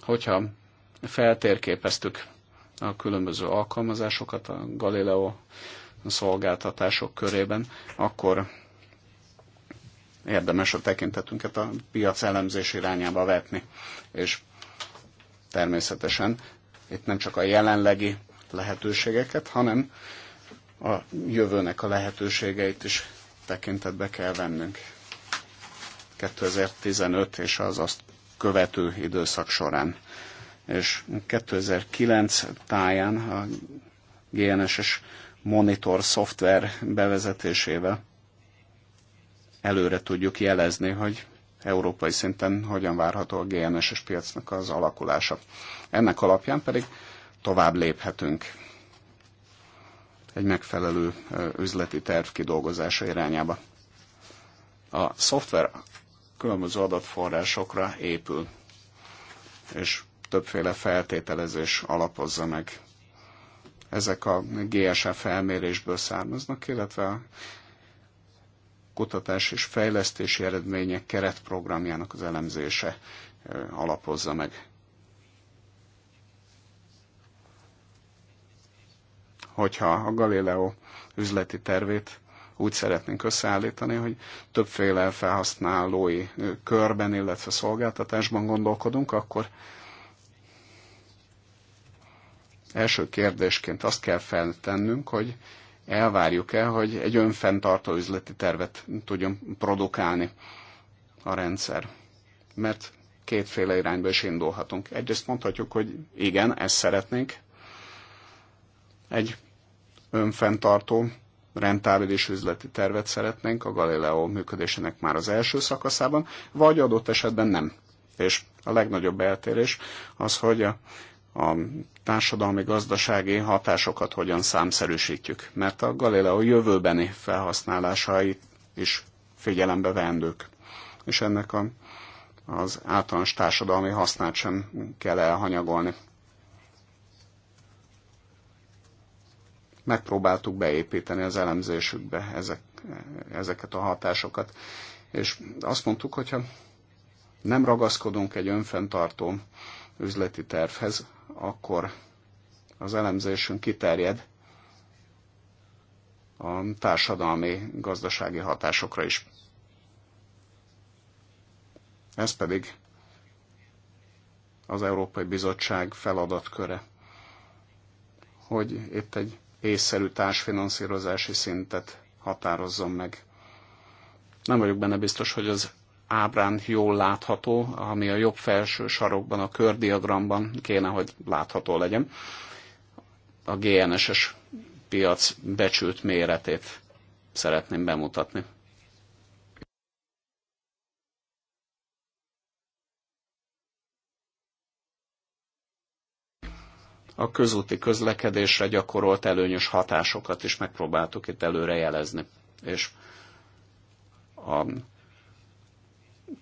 Hogyha feltérképeztük a különböző alkalmazásokat a Galileo szolgáltatások körében, akkor érdemes a tekintetünket a piac elemzés irányába vetni. És természetesen itt nem csak a jelenlegi lehetőségeket, hanem a jövőnek a lehetőségeit is tekintetbe kell vennünk. 2015 és az azt követő időszak során. És 2009 táján a GNSS monitor szoftver bevezetésével előre tudjuk jelezni, hogy európai szinten hogyan várható a GNS-es piacnak az alakulása. Ennek alapján pedig tovább léphetünk egy megfelelő üzleti terv kidolgozása irányába. A szoftver különböző adatforrásokra épül, és többféle feltételezés alapozza meg. Ezek a GSA felmérésből származnak, illetve a kutatás és fejlesztési eredmények keretprogramjának az elemzése alapozza meg. Hogyha a Galileo üzleti tervét úgy szeretnénk összeállítani, hogy többféle felhasználói körben, illetve szolgáltatásban gondolkodunk, akkor első kérdésként azt kell feltennünk, hogy elvárjuk-e, hogy egy önfenntartó üzleti tervet tudjon produkálni a rendszer. Mert kétféle irányba is indulhatunk. Egyrészt mondhatjuk, hogy igen, ezt szeretnénk. Egy önfenntartó, rentábilis üzleti tervet szeretnénk a Galileo működésének már az első szakaszában, vagy adott esetben nem. És a legnagyobb eltérés az, hogy a a társadalmi-gazdasági hatásokat hogyan számszerűsítjük, mert a Galileo jövőbeni felhasználásait is figyelembe vendők. És ennek a, az általános társadalmi hasznát sem kell elhanyagolni. Megpróbáltuk beépíteni az elemzésükbe ezek, ezeket a hatásokat, és azt mondtuk, hogyha nem ragaszkodunk egy önfenntartó üzleti tervhez, akkor az elemzésünk kiterjed a társadalmi, gazdasági hatásokra is. Ez pedig az Európai Bizottság feladatköre, hogy itt egy észszerű társfinanszírozási szintet határozzon meg. Nem vagyok benne biztos, hogy az ábrán jól látható, ami a jobb felső sarokban, a kördiagramban kéne, hogy látható legyen. A GNS-es piac becsült méretét szeretném bemutatni. a közúti közlekedésre gyakorolt előnyös hatásokat is megpróbáltuk itt előrejelezni. És a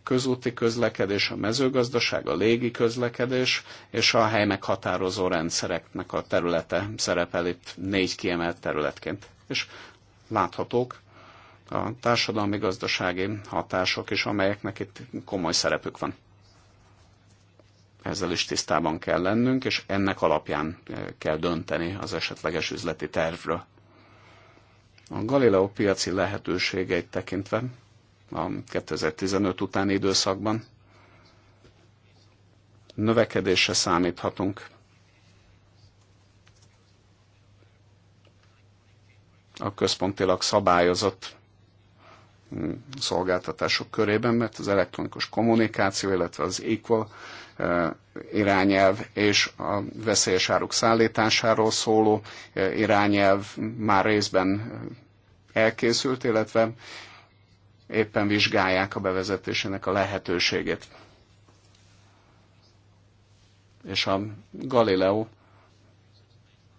közúti közlekedés, a mezőgazdaság, a légi közlekedés és a hely meghatározó rendszereknek a területe szerepel itt négy kiemelt területként. És láthatók a társadalmi-gazdasági hatások is, amelyeknek itt komoly szerepük van. Ezzel is tisztában kell lennünk, és ennek alapján eh, kell dönteni az esetleges üzleti tervről. A Galileo piaci lehetőségeit tekintve a 2015 utáni időszakban. Növekedésre számíthatunk. A központilag szabályozott mm, szolgáltatások körében, mert az elektronikus kommunikáció, illetve az Equal e, irányelv és a veszélyes áruk szállításáról szóló e, irányelv már részben elkészült, illetve éppen vizsgálják a bevezetésének a lehetőségét. És a Galileo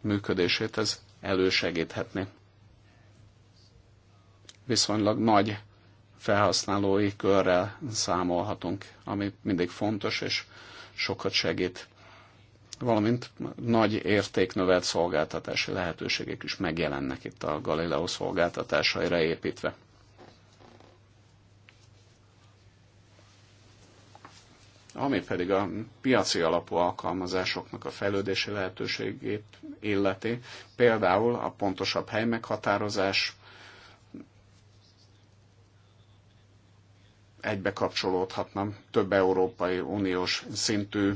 működését ez elősegíthetné. Viszonylag nagy felhasználói körrel számolhatunk, ami mindig fontos és sokat segít. Valamint nagy értéknövelt szolgáltatási lehetőségek is megjelennek itt a Galileo szolgáltatásaira építve. Ami pedig a piaci alapú alkalmazásoknak a fejlődési lehetőségét illeti, például a pontosabb helymeghatározás, egybe kapcsolódhatna több Európai Uniós szintű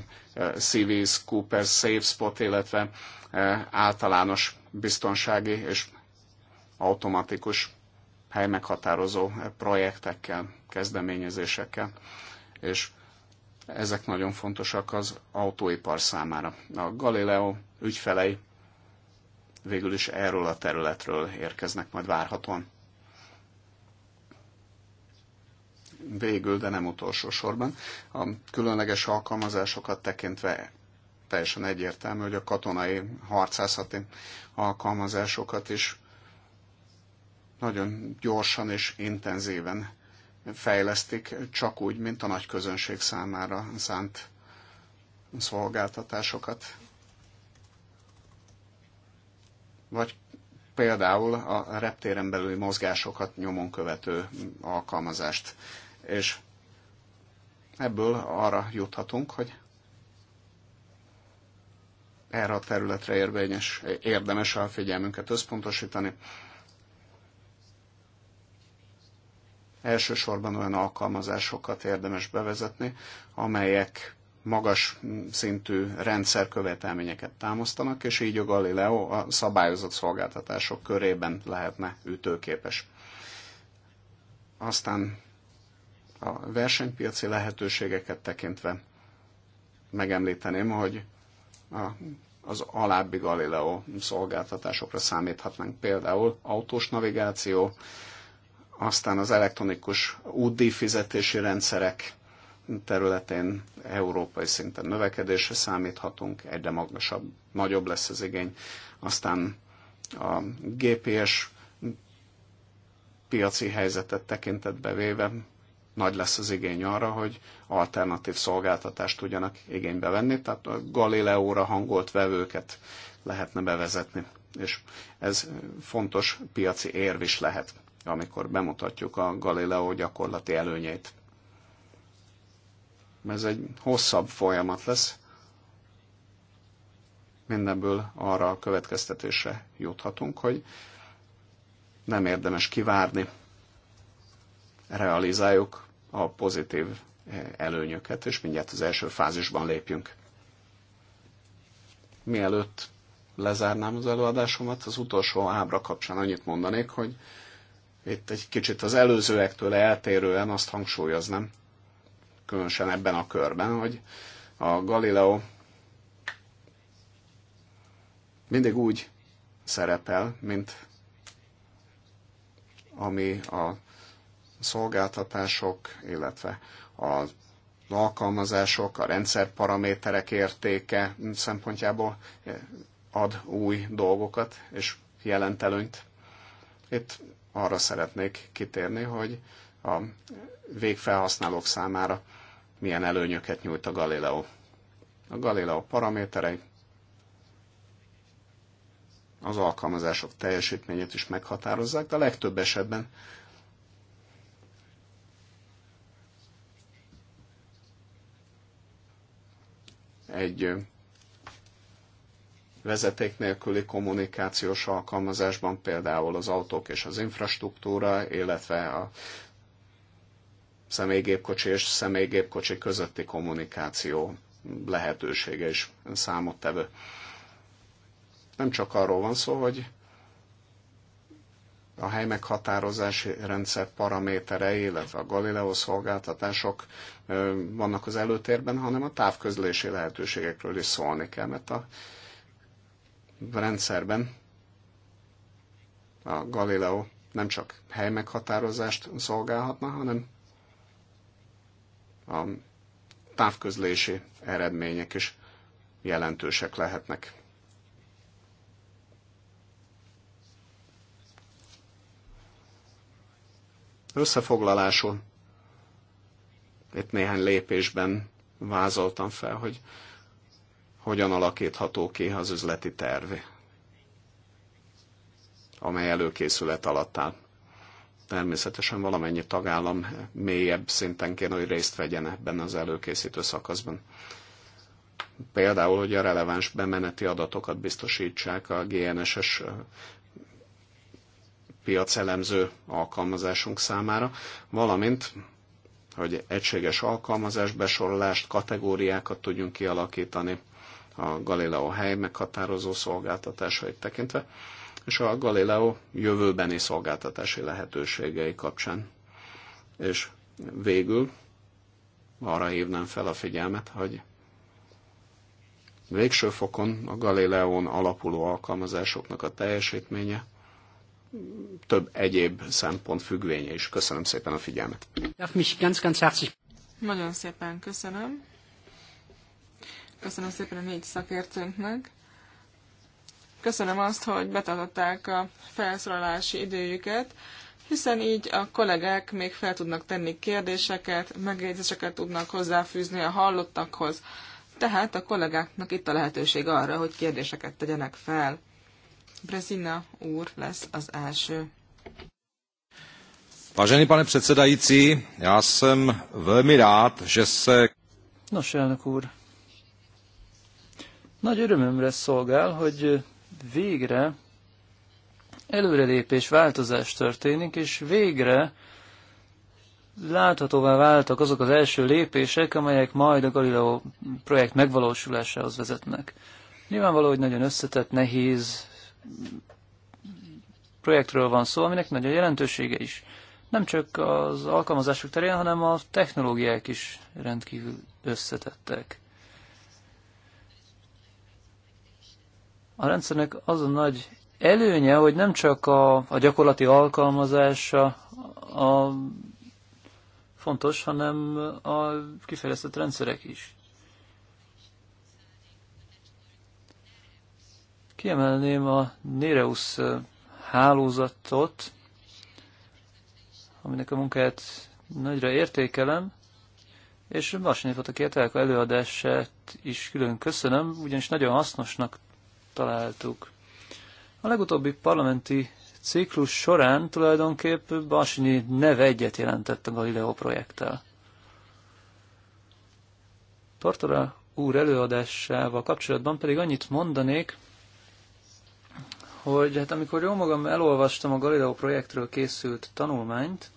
CVS, eh, Cooper, spot illetve eh, általános biztonsági és automatikus helymeghatározó eh, projektekkel, kezdeményezésekkel, és ezek nagyon fontosak az autóipar számára. A Galileo ügyfelei végül is erről a területről érkeznek majd várhatóan. Végül, de nem utolsó sorban, a különleges alkalmazásokat tekintve teljesen egyértelmű, hogy a katonai harcászati alkalmazásokat is nagyon gyorsan és intenzíven fejlesztik csak úgy, mint a nagy közönség számára szánt szolgáltatásokat. Vagy például a reptéren belüli mozgásokat nyomon követő alkalmazást. És ebből arra juthatunk, hogy erre a területre érvényes, érdemes a figyelmünket összpontosítani, Elsősorban olyan alkalmazásokat érdemes bevezetni, amelyek magas szintű rendszerkövetelményeket támasztanak, és így a Galileo a szabályozott szolgáltatások körében lehetne ütőképes. Aztán a versenypiaci lehetőségeket tekintve megemlíteném, hogy a, az alábbi Galileo szolgáltatásokra számíthatnánk például autós navigáció, aztán az elektronikus útdíj fizetési rendszerek területén európai szinten növekedésre számíthatunk, egyre magasabb, nagyobb lesz az igény. Aztán a GPS piaci helyzetet tekintetbe véve nagy lesz az igény arra, hogy alternatív szolgáltatást tudjanak igénybe venni, tehát a Galileóra hangolt vevőket lehetne bevezetni, és ez fontos piaci érv is lehet amikor bemutatjuk a Galileo gyakorlati előnyeit. Ez egy hosszabb folyamat lesz, mindenből arra a következtetésre juthatunk, hogy nem érdemes kivárni, realizáljuk a pozitív eh, előnyöket, és mindjárt az első fázisban lépjünk. Mielőtt lezárnám az előadásomat, az utolsó ábra kapcsán annyit mondanék, hogy itt egy kicsit az előzőektől eltérően azt hangsúlyoznám, különösen ebben a körben, hogy a Galileo mindig úgy szerepel, mint ami a szolgáltatások, illetve az alkalmazások, a rendszerparaméterek értéke szempontjából ad új dolgokat és jelent előnyt. Itt arra szeretnék kitérni, hogy a végfelhasználók számára milyen előnyöket nyújt a Galileo. A Galileo paraméterei az alkalmazások teljesítményét is meghatározzák, de a legtöbb esetben egy vezeték nélküli kommunikációs alkalmazásban, például az autók és az infrastruktúra, illetve a személygépkocsi és személygépkocsi közötti kommunikáció lehetősége is számottevő. Nem csak arról van szó, hogy a hely meghatározási rendszer paraméterei, illetve a Galileo szolgáltatások vannak az előtérben, hanem a távközlési lehetőségekről is szólni kell, mert a rendszerben a Galileo nem csak helymeghatározást szolgálhatna, hanem a távközlési eredmények is jelentősek lehetnek. Összefoglalásul itt néhány lépésben vázoltam fel, hogy hogyan alakítható ki az üzleti terv, amely előkészület alatt áll. Természetesen valamennyi tagállam mélyebb szinten kéne, hogy részt vegyen ebben az előkészítő szakaszban. Például, hogy a releváns bemeneti adatokat biztosítsák a GNSS piacelemző alkalmazásunk számára, valamint hogy egységes alkalmazás besorolást, kategóriákat tudjunk kialakítani, a Galileo hely meghatározó szolgáltatásait tekintve, és a Galileo jövőbeni szolgáltatási lehetőségei kapcsán. És végül arra hívnám fel a figyelmet, hogy végső fokon a Galileón alapuló alkalmazásoknak a teljesítménye több egyéb szempont függvénye is. Köszönöm szépen a figyelmet. Nagyon szépen köszönöm. Köszönöm szépen a négy szakértőnknek. Köszönöm azt, hogy betartották a felszólalási időjüket, hiszen így a kollégák még fel tudnak tenni kérdéseket, megjegyzéseket tudnak hozzáfűzni a hallottakhoz. Tehát a kollégáknak itt a lehetőség arra, hogy kérdéseket tegyenek fel. Brezina úr lesz az első. Vážený pane předsedající, já jsem velmi rád, že se... Nos, elnök úr, nagy örömömre szolgál, hogy végre előrelépés, változás történik, és végre láthatóvá váltak azok az első lépések, amelyek majd a Galileo projekt megvalósulásához vezetnek. Nyilvánvaló, hogy nagyon összetett, nehéz projektről van szó, aminek nagy a jelentősége is. Nem csak az alkalmazások terén, hanem a technológiák is rendkívül összetettek. A rendszernek az a nagy előnye, hogy nem csak a, a gyakorlati alkalmazása a fontos, hanem a kifejlesztett rendszerek is. Kiemelném a Nereus hálózatot, aminek a munkáját nagyra értékelem, és Vasnyit Elka előadását is külön köszönöm, ugyanis nagyon hasznosnak találtuk. A legutóbbi parlamenti ciklus során tulajdonképp Basinyi neve egyet jelentett a Galileo projekttel. Tortora úr előadásával kapcsolatban pedig annyit mondanék, hogy hát amikor jól magam elolvastam a Galileo projektről készült tanulmányt,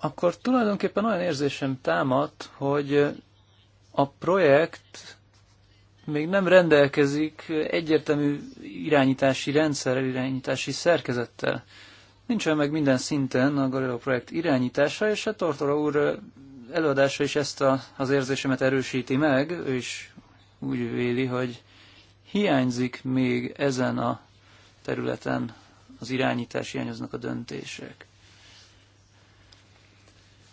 akkor tulajdonképpen olyan érzésem támadt, hogy a projekt még nem rendelkezik egyértelmű irányítási rendszerrel, irányítási szerkezettel. Nincsen meg minden szinten a Galileo projekt irányítása, és a hát Tortora úr előadása is ezt a, az érzésemet erősíti meg, ő is úgy véli, hogy hiányzik még ezen a területen az irányítás, hiányoznak a döntések.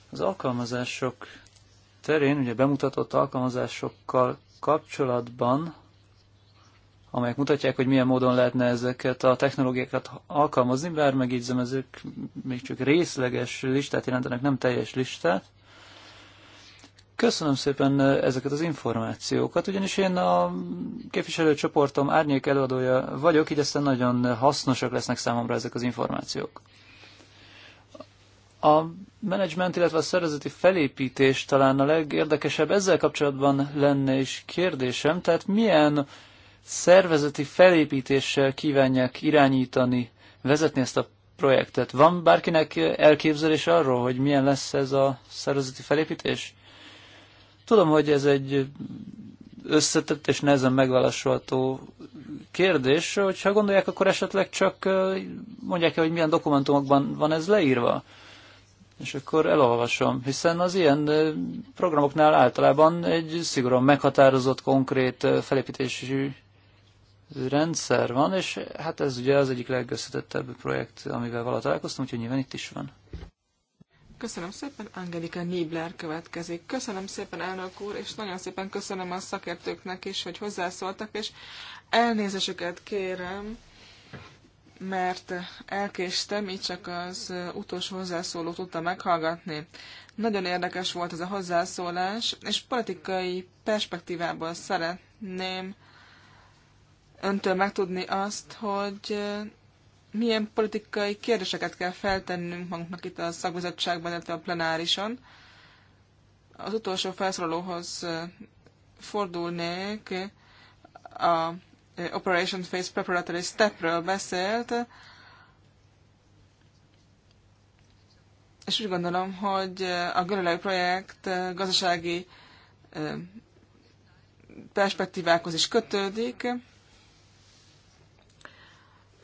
Az alkalmazások terén, ugye bemutatott alkalmazásokkal kapcsolatban, amelyek mutatják, hogy milyen módon lehetne ezeket a technológiákat alkalmazni, bár megígyzem, ezek még csak részleges listát jelentenek, nem teljes listát. Köszönöm szépen ezeket az információkat, ugyanis én a képviselőcsoportom árnyék előadója vagyok, így aztán nagyon hasznosak lesznek számomra ezek az információk. A menedzsment, illetve a szervezeti felépítés talán a legérdekesebb. Ezzel kapcsolatban lenne is kérdésem, tehát milyen szervezeti felépítéssel kívánják irányítani, vezetni ezt a projektet. Van bárkinek elképzelés arról, hogy milyen lesz ez a szervezeti felépítés? Tudom, hogy ez egy összetett és nehezen megválaszolható kérdés, hogyha gondolják, akkor esetleg csak mondják el, hogy milyen dokumentumokban van ez leírva. És akkor elolvasom, hiszen az ilyen programoknál általában egy szigorúan meghatározott, konkrét felépítési rendszer van, és hát ez ugye az egyik legösszetettebb projekt, amivel vala találkoztam, úgyhogy nyilván itt is van. Köszönöm szépen, Angelika Niebler következik. Köszönöm szépen, elnök úr, és nagyon szépen köszönöm a szakértőknek is, hogy hozzászóltak, és elnézésüket kérem, mert elkéstem, így csak az utolsó hozzászóló tudta meghallgatni. Nagyon érdekes volt ez a hozzászólás, és politikai perspektívából szeretném öntől megtudni azt, hogy milyen politikai kérdéseket kell feltennünk magunknak itt a szakbizottságban, illetve a plenárison. Az utolsó felszólalóhoz fordulnék a Operation Phase Preparatory Stepről beszélt, és úgy gondolom, hogy a Galileo projekt gazdasági perspektívákhoz is kötődik,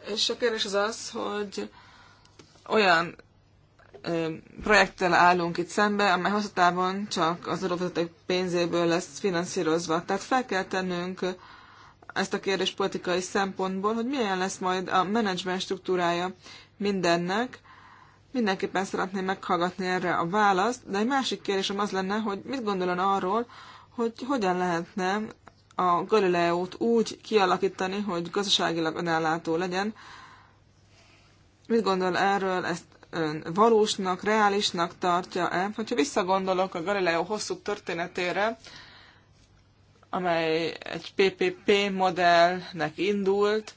és a kérdés az az, hogy olyan projekttel állunk itt szembe, amely hosszú csak az adófizetők pénzéből lesz finanszírozva. Tehát fel kell tennünk ezt a kérdést politikai szempontból, hogy milyen lesz majd a menedzsment struktúrája mindennek. Mindenképpen szeretném meghallgatni erre a választ, de egy másik kérdésem az lenne, hogy mit gondolon arról, hogy hogyan lehetne a Galileót úgy kialakítani, hogy gazdaságilag önállátó legyen. Mit gondol erről, ezt ön valósnak, reálisnak tartja-e? Hogyha visszagondolok a Galileo hosszú történetére, amely egy PPP modellnek indult,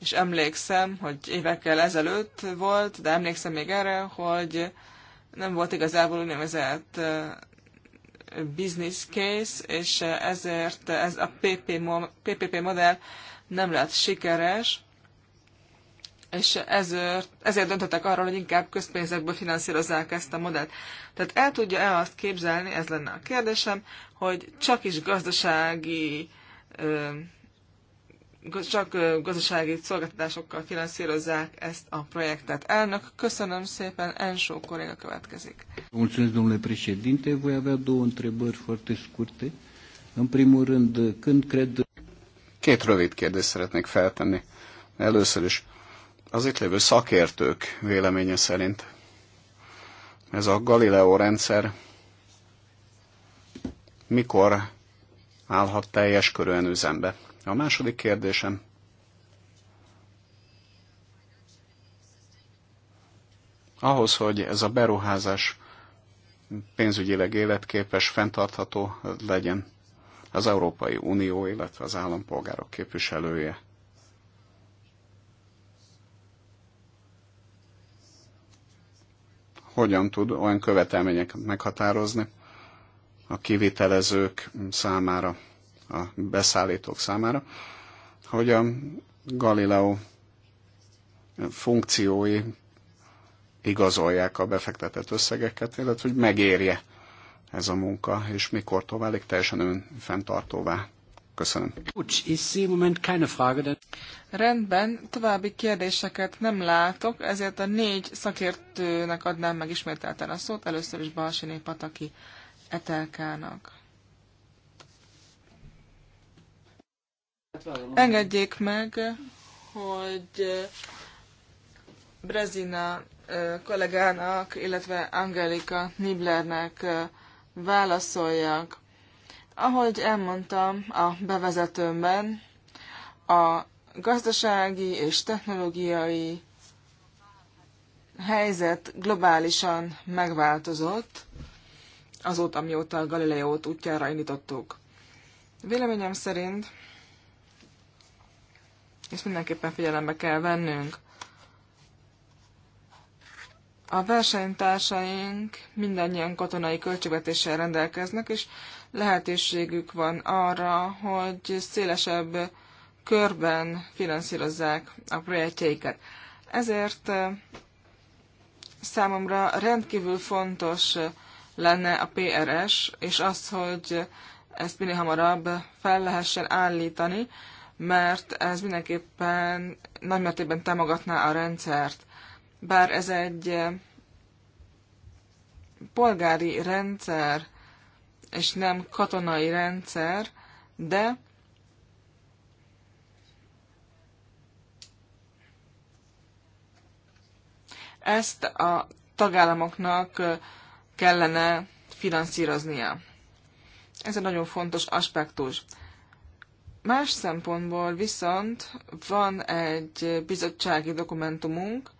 és emlékszem, hogy évekkel ezelőtt volt, de emlékszem még erre, hogy nem volt igazából úgynevezett business case, és ezért ez a PPP modell nem lett sikeres, és ezért, ezért döntöttek arról, hogy inkább közpénzekből finanszírozzák ezt a modellt. Tehát el tudja-e azt képzelni, ez lenne a kérdésem, hogy csak is gazdasági csak gazdasági szolgáltatásokkal finanszírozzák ezt a projektet. Elnök, köszönöm szépen, Ensó kolléga következik. Mulțumesc, domnule președinte. Voi avea două întrebări foarte scurte. În primul rând, când cred... Két rövid kérdést szeretnék feltenni. Először is, az itt lévő szakértők véleménye szerint ez a Galileo rendszer mikor állhat teljes körűen üzembe? A második kérdésem. Ahhoz, hogy ez a beruházás pénzügyileg életképes, fenntartható legyen, az Európai Unió, illetve az állampolgárok képviselője hogyan tud olyan követelményeket meghatározni a kivitelezők számára, a beszállítók számára, hogy a Galileo funkciói igazolják a befektetett összegeket, illetve hogy megérje ez a munka, és mikor válik teljesen önfenntartóvá. Köszönöm. Rendben, további kérdéseket nem látok, ezért a négy szakértőnek adnám meg ismételten a szót. Először is Balsiné Pataki Etelkának. Engedjék meg, hogy eh, Brezina eh, kollégának, illetve Angelika Niblernek eh, válaszoljak. Ahogy elmondtam a bevezetőmben, a gazdasági és technológiai helyzet globálisan megváltozott azóta, mióta a Galileót útjára indítottuk. Véleményem szerint, és mindenképpen figyelembe kell vennünk, a versenytársaink mindannyian katonai költségvetéssel rendelkeznek, és lehetőségük van arra, hogy szélesebb körben finanszírozzák a projektjeiket. Ezért számomra rendkívül fontos lenne a PRS, és az, hogy ezt minél hamarabb fel lehessen állítani, mert ez mindenképpen nagymértékben támogatná a rendszert bár ez egy eh, polgári rendszer, és nem katonai rendszer, de ezt a tagállamoknak eh, kellene finanszíroznia. Ez egy nagyon fontos aspektus. Más szempontból viszont van egy bizottsági dokumentumunk,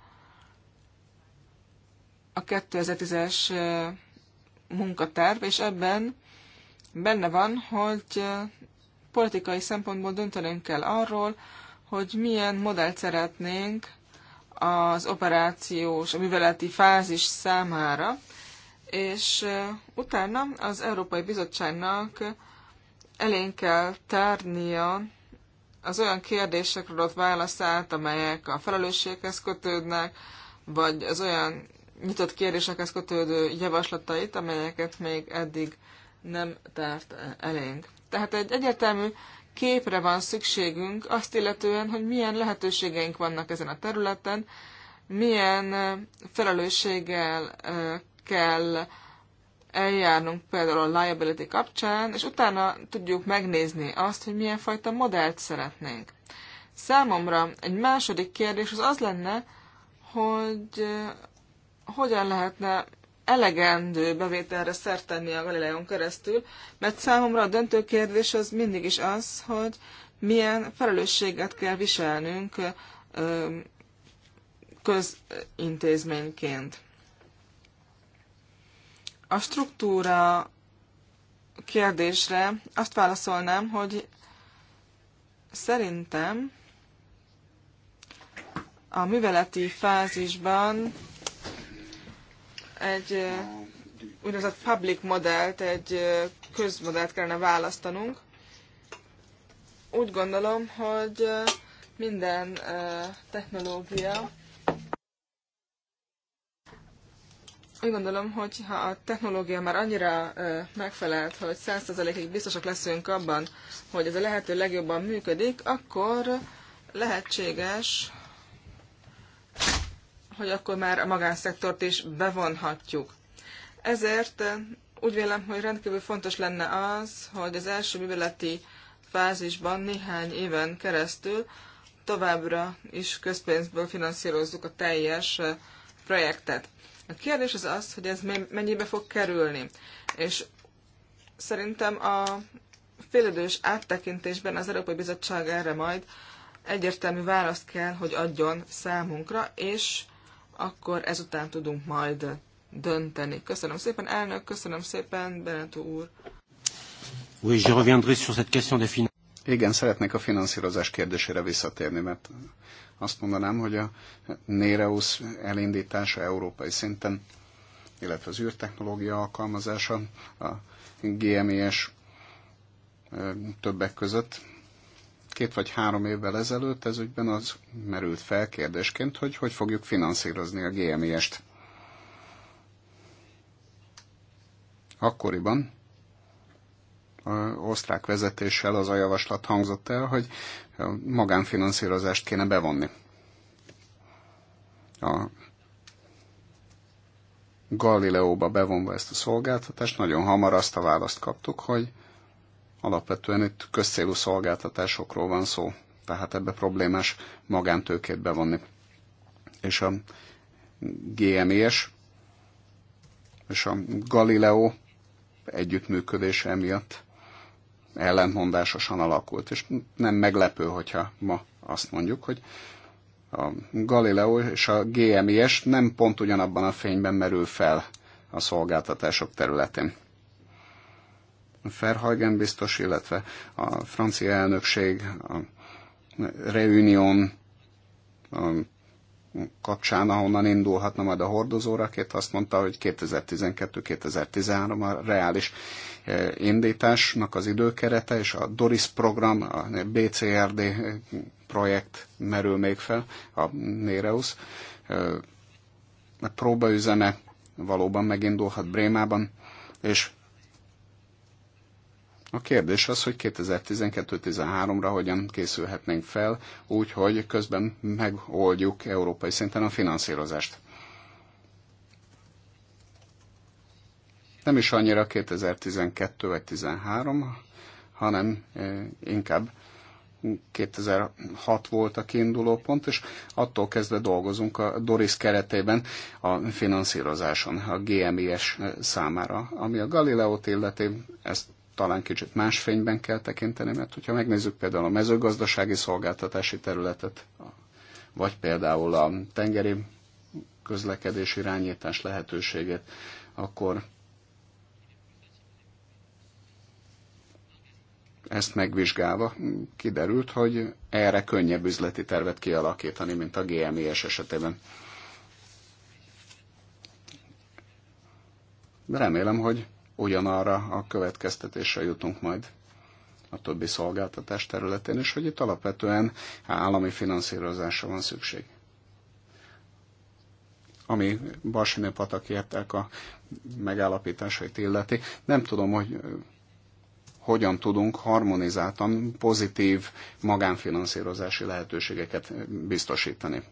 a 2010-es munkaterv, és ebben benne van, hogy politikai szempontból döntenünk kell arról, hogy milyen modellt szeretnénk az operációs, a műveleti fázis számára, és utána az Európai Bizottságnak elénk kell tárnia az olyan kérdésekről ott válaszát, amelyek a felelősséghez kötődnek, vagy az olyan nyitott kérdésekhez kötődő javaslatait, amelyeket még eddig nem tárt elénk. Tehát egy egyértelmű képre van szükségünk azt illetően, hogy milyen lehetőségeink vannak ezen a területen, milyen felelősséggel kell eljárnunk például a liability kapcsán, és utána tudjuk megnézni azt, hogy milyen fajta modellt szeretnénk. Számomra egy második kérdés az az lenne, hogy hogyan lehetne elegendő bevételre szert tenni a Galileon keresztül, mert számomra a döntő kérdés az mindig is az, hogy milyen felelősséget kell viselnünk közintézményként. A struktúra kérdésre azt válaszolnám, hogy szerintem a műveleti fázisban egy úgynevezett public modellt, egy közmodellt kellene választanunk. Úgy gondolom, hogy minden technológia úgy gondolom, hogy ha a technológia már annyira ö, megfelelt, hogy 100%-ig biztosak leszünk abban, hogy ez a lehető legjobban működik, akkor lehetséges, hogy akkor már a magánszektort is bevonhatjuk. Ezért eh, úgy vélem, hogy rendkívül fontos lenne az, hogy az első műveleti fázisban néhány éven keresztül továbbra is közpénzből finanszírozzuk a teljes eh, projektet. A kérdés az az, hogy ez mennyibe fog kerülni. És szerintem a félidős áttekintésben az Európai Bizottság erre majd egyértelmű választ kell, hogy adjon számunkra, és akkor ezután tudunk majd dönteni. Köszönöm szépen, elnök, köszönöm szépen, Benetó úr. Oui, je reviendrai sur cette question des finances. Igen, szeretnék a finanszírozás kérdésére visszatérni, mert azt mondanám, hogy a Néreus elindítása európai szinten, illetve az űrtechnológia alkalmazása, a GMES többek között Két vagy három évvel ezelőtt ez ügyben az merült fel kérdésként, hogy hogy fogjuk finanszírozni a GMI-est. Akkoriban a osztrák vezetéssel az a javaslat hangzott el, hogy magánfinanszírozást kéne bevonni. A Galileóba bevonva ezt a szolgáltatást, nagyon hamar azt a választ kaptuk, hogy Alapvetően itt közcélú szolgáltatásokról van szó, tehát ebbe problémás magántőkét bevonni. És a GMS és a Galileo együttműködése emiatt ellentmondásosan alakult. És nem meglepő, hogyha ma azt mondjuk, hogy a Galileo és a GMS nem pont ugyanabban a fényben merül fel a szolgáltatások területén. Ferhagen biztos, illetve a francia elnökség, a Reunion a kapcsán, ahonnan indulhatna majd a hordozórakét, azt mondta, hogy 2012-2013 a reális e, indításnak az időkerete, és a DORIS program, a BCRD projekt merül még fel, a Nereus e, próbaüzeme valóban megindulhat Brémában, és a kérdés az, hogy 2012-13-ra hogyan készülhetnénk fel, úgy, hogy közben megoldjuk európai szinten a finanszírozást. Nem is annyira 2012 vagy 13, hanem eh, inkább 2006 volt a kiinduló pont, és attól kezdve dolgozunk a Doris keretében a finanszírozáson, a GMIS számára. Ami a Galileót illeti, ezt talán kicsit más fényben kell tekinteni, mert hogyha megnézzük például a mezőgazdasági szolgáltatási területet, vagy például a tengeri közlekedés irányítás lehetőségét, akkor ezt megvizsgálva kiderült, hogy erre könnyebb üzleti tervet kialakítani, mint a GMES esetében. De remélem, hogy ugyanarra a következtetésre jutunk majd a többi szolgáltatás területén, és hogy itt alapvetően állami finanszírozásra van szükség. Ami Barsinő Patak értek a megállapításait illeti, nem tudom, hogy hogyan tudunk harmonizáltan pozitív magánfinanszírozási lehetőségeket biztosítani.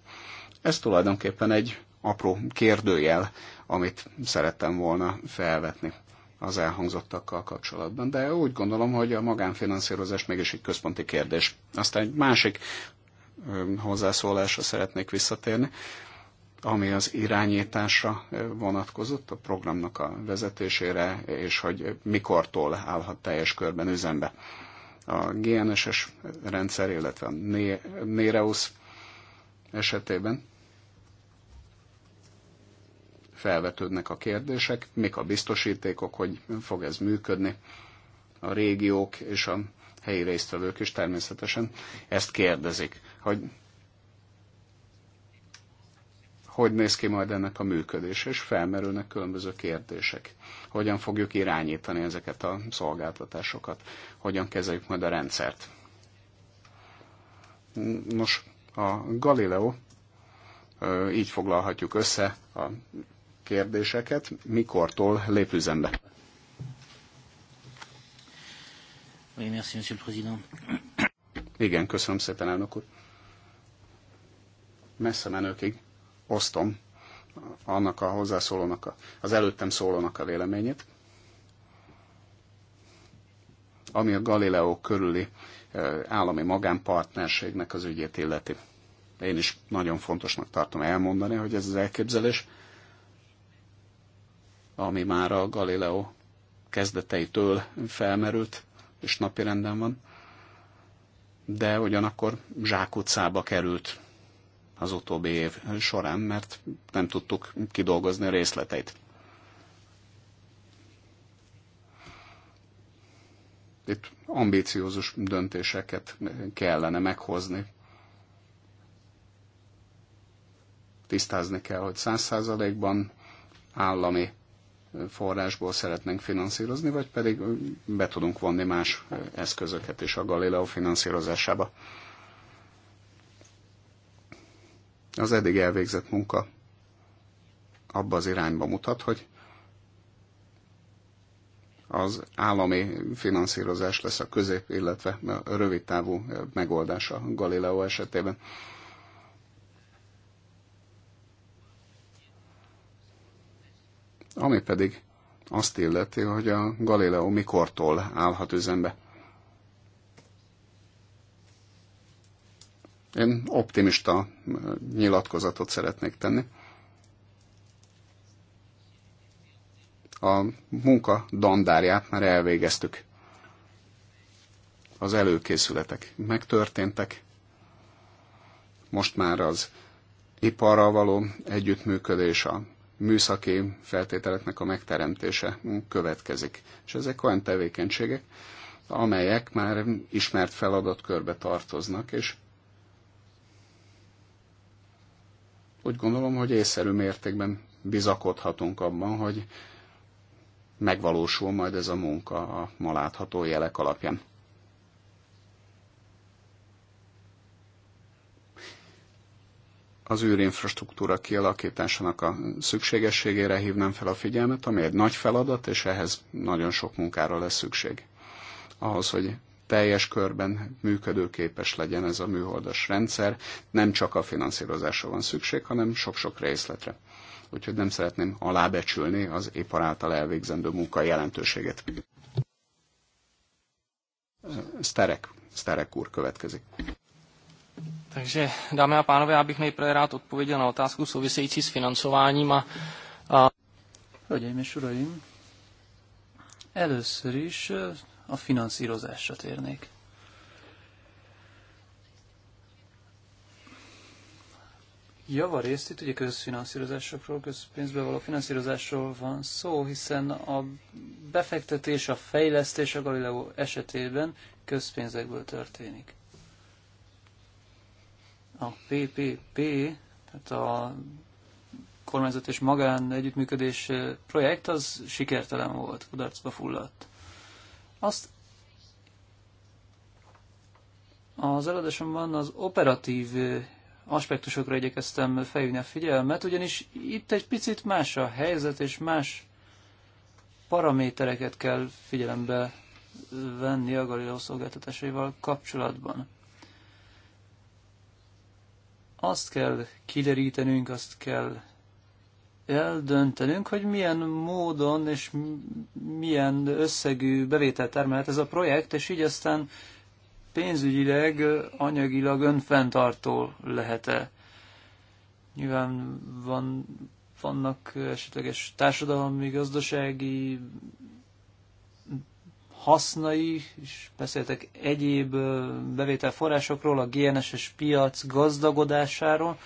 Ez tulajdonképpen egy apró kérdőjel, amit szerettem volna felvetni az elhangzottakkal kapcsolatban, de úgy gondolom, hogy a magánfinanszírozás mégis egy központi kérdés. Aztán egy másik hozzászólásra szeretnék visszatérni, ami az irányításra vonatkozott, a programnak a vezetésére, és hogy mikortól állhat teljes körben üzembe. A GNSS rendszer, illetve a Néreusz e- e esetében felvetődnek a kérdések, mik a biztosítékok, hogy fog ez működni. A régiók és a helyi résztvevők is természetesen ezt kérdezik, hogy hogy néz ki majd ennek a működés, és felmerülnek különböző kérdések. Hogyan fogjuk irányítani ezeket a szolgáltatásokat, hogyan kezeljük majd a rendszert. Nos, a Galileo így foglalhatjuk össze a kérdéseket, mikortól lép üzembe. Igen, köszönöm szépen, elnök úr. Messze menőkig osztom annak a hozzászólónak, a, az előttem szólónak a véleményét, ami a Galileo körüli állami magánpartnerségnek az ügyét illeti. Én is nagyon fontosnak tartom elmondani, hogy ez az elképzelés ami már a Galileo kezdeteitől felmerült, és napirenden van, de ugyanakkor zsákutcába került az utóbbi év során, mert nem tudtuk kidolgozni a részleteit. Itt ambíciózus döntéseket kellene meghozni. Tisztázni kell, hogy száz százalékban állami forrásból szeretnénk finanszírozni, vagy pedig be tudunk vonni más eszközöket is a Galileo finanszírozásába. Az eddig elvégzett munka abba az irányba mutat, hogy az állami finanszírozás lesz a közép, illetve a rövid távú megoldása Galileo esetében. Ami pedig azt illeti, hogy a Galileo mikortól állhat üzembe. Én optimista eh, nyilatkozatot szeretnék tenni. A munka dandárját már elvégeztük. Az előkészületek megtörténtek. Most már az iparral való együttműködés, a műszaki feltételeknek a megteremtése következik. És ezek olyan tevékenységek, amelyek már ismert feladatkörbe tartoznak, és úgy gondolom, hogy észszerű mértékben bizakodhatunk abban, hogy megvalósul majd ez a munka a ma látható jelek alapján. az űrinfrastruktúra kialakításának a szükségességére hívnám fel a figyelmet, ami egy nagy feladat, és ehhez nagyon sok munkára lesz szükség. Ahhoz, hogy teljes körben működőképes legyen ez a műholdas rendszer, nem csak a finanszírozásra van szükség, hanem sok-sok részletre. Úgyhogy nem szeretném alábecsülni az ipar által elvégzendő munka jelentőségét. Sterek, sterek úr következik. Takže, dámy a pánové, já bych nejprve rád odpověděl na otázku související s financováním a... a... Hölgyeim uraim, először is a finanszírozásra térnék. Javarészt itt ugye közfinanszírozásokról, közpénzből való finanszírozásról van szó, hiszen a befektetés, a fejlesztés a Galileo esetében közpénzekből történik a PPP, tehát a kormányzat és magán együttműködés projekt, az sikertelen volt, kudarcba fulladt. Azt az előadásomban az operatív aspektusokra igyekeztem felhívni a figyelmet, ugyanis itt egy picit más a helyzet, és más paramétereket kell figyelembe venni a Galileo szolgáltatásaival kapcsolatban azt kell kiderítenünk, azt kell eldöntenünk, hogy milyen módon és milyen összegű bevételt termelhet ez a projekt, és így aztán pénzügyileg, anyagilag önfenntartó lehet-e. Nyilván van, vannak esetleges társadalmi, gazdasági hasznai, és beszéltek egyéb bevételforrásokról, a GNS-es piac gazdagodásáról,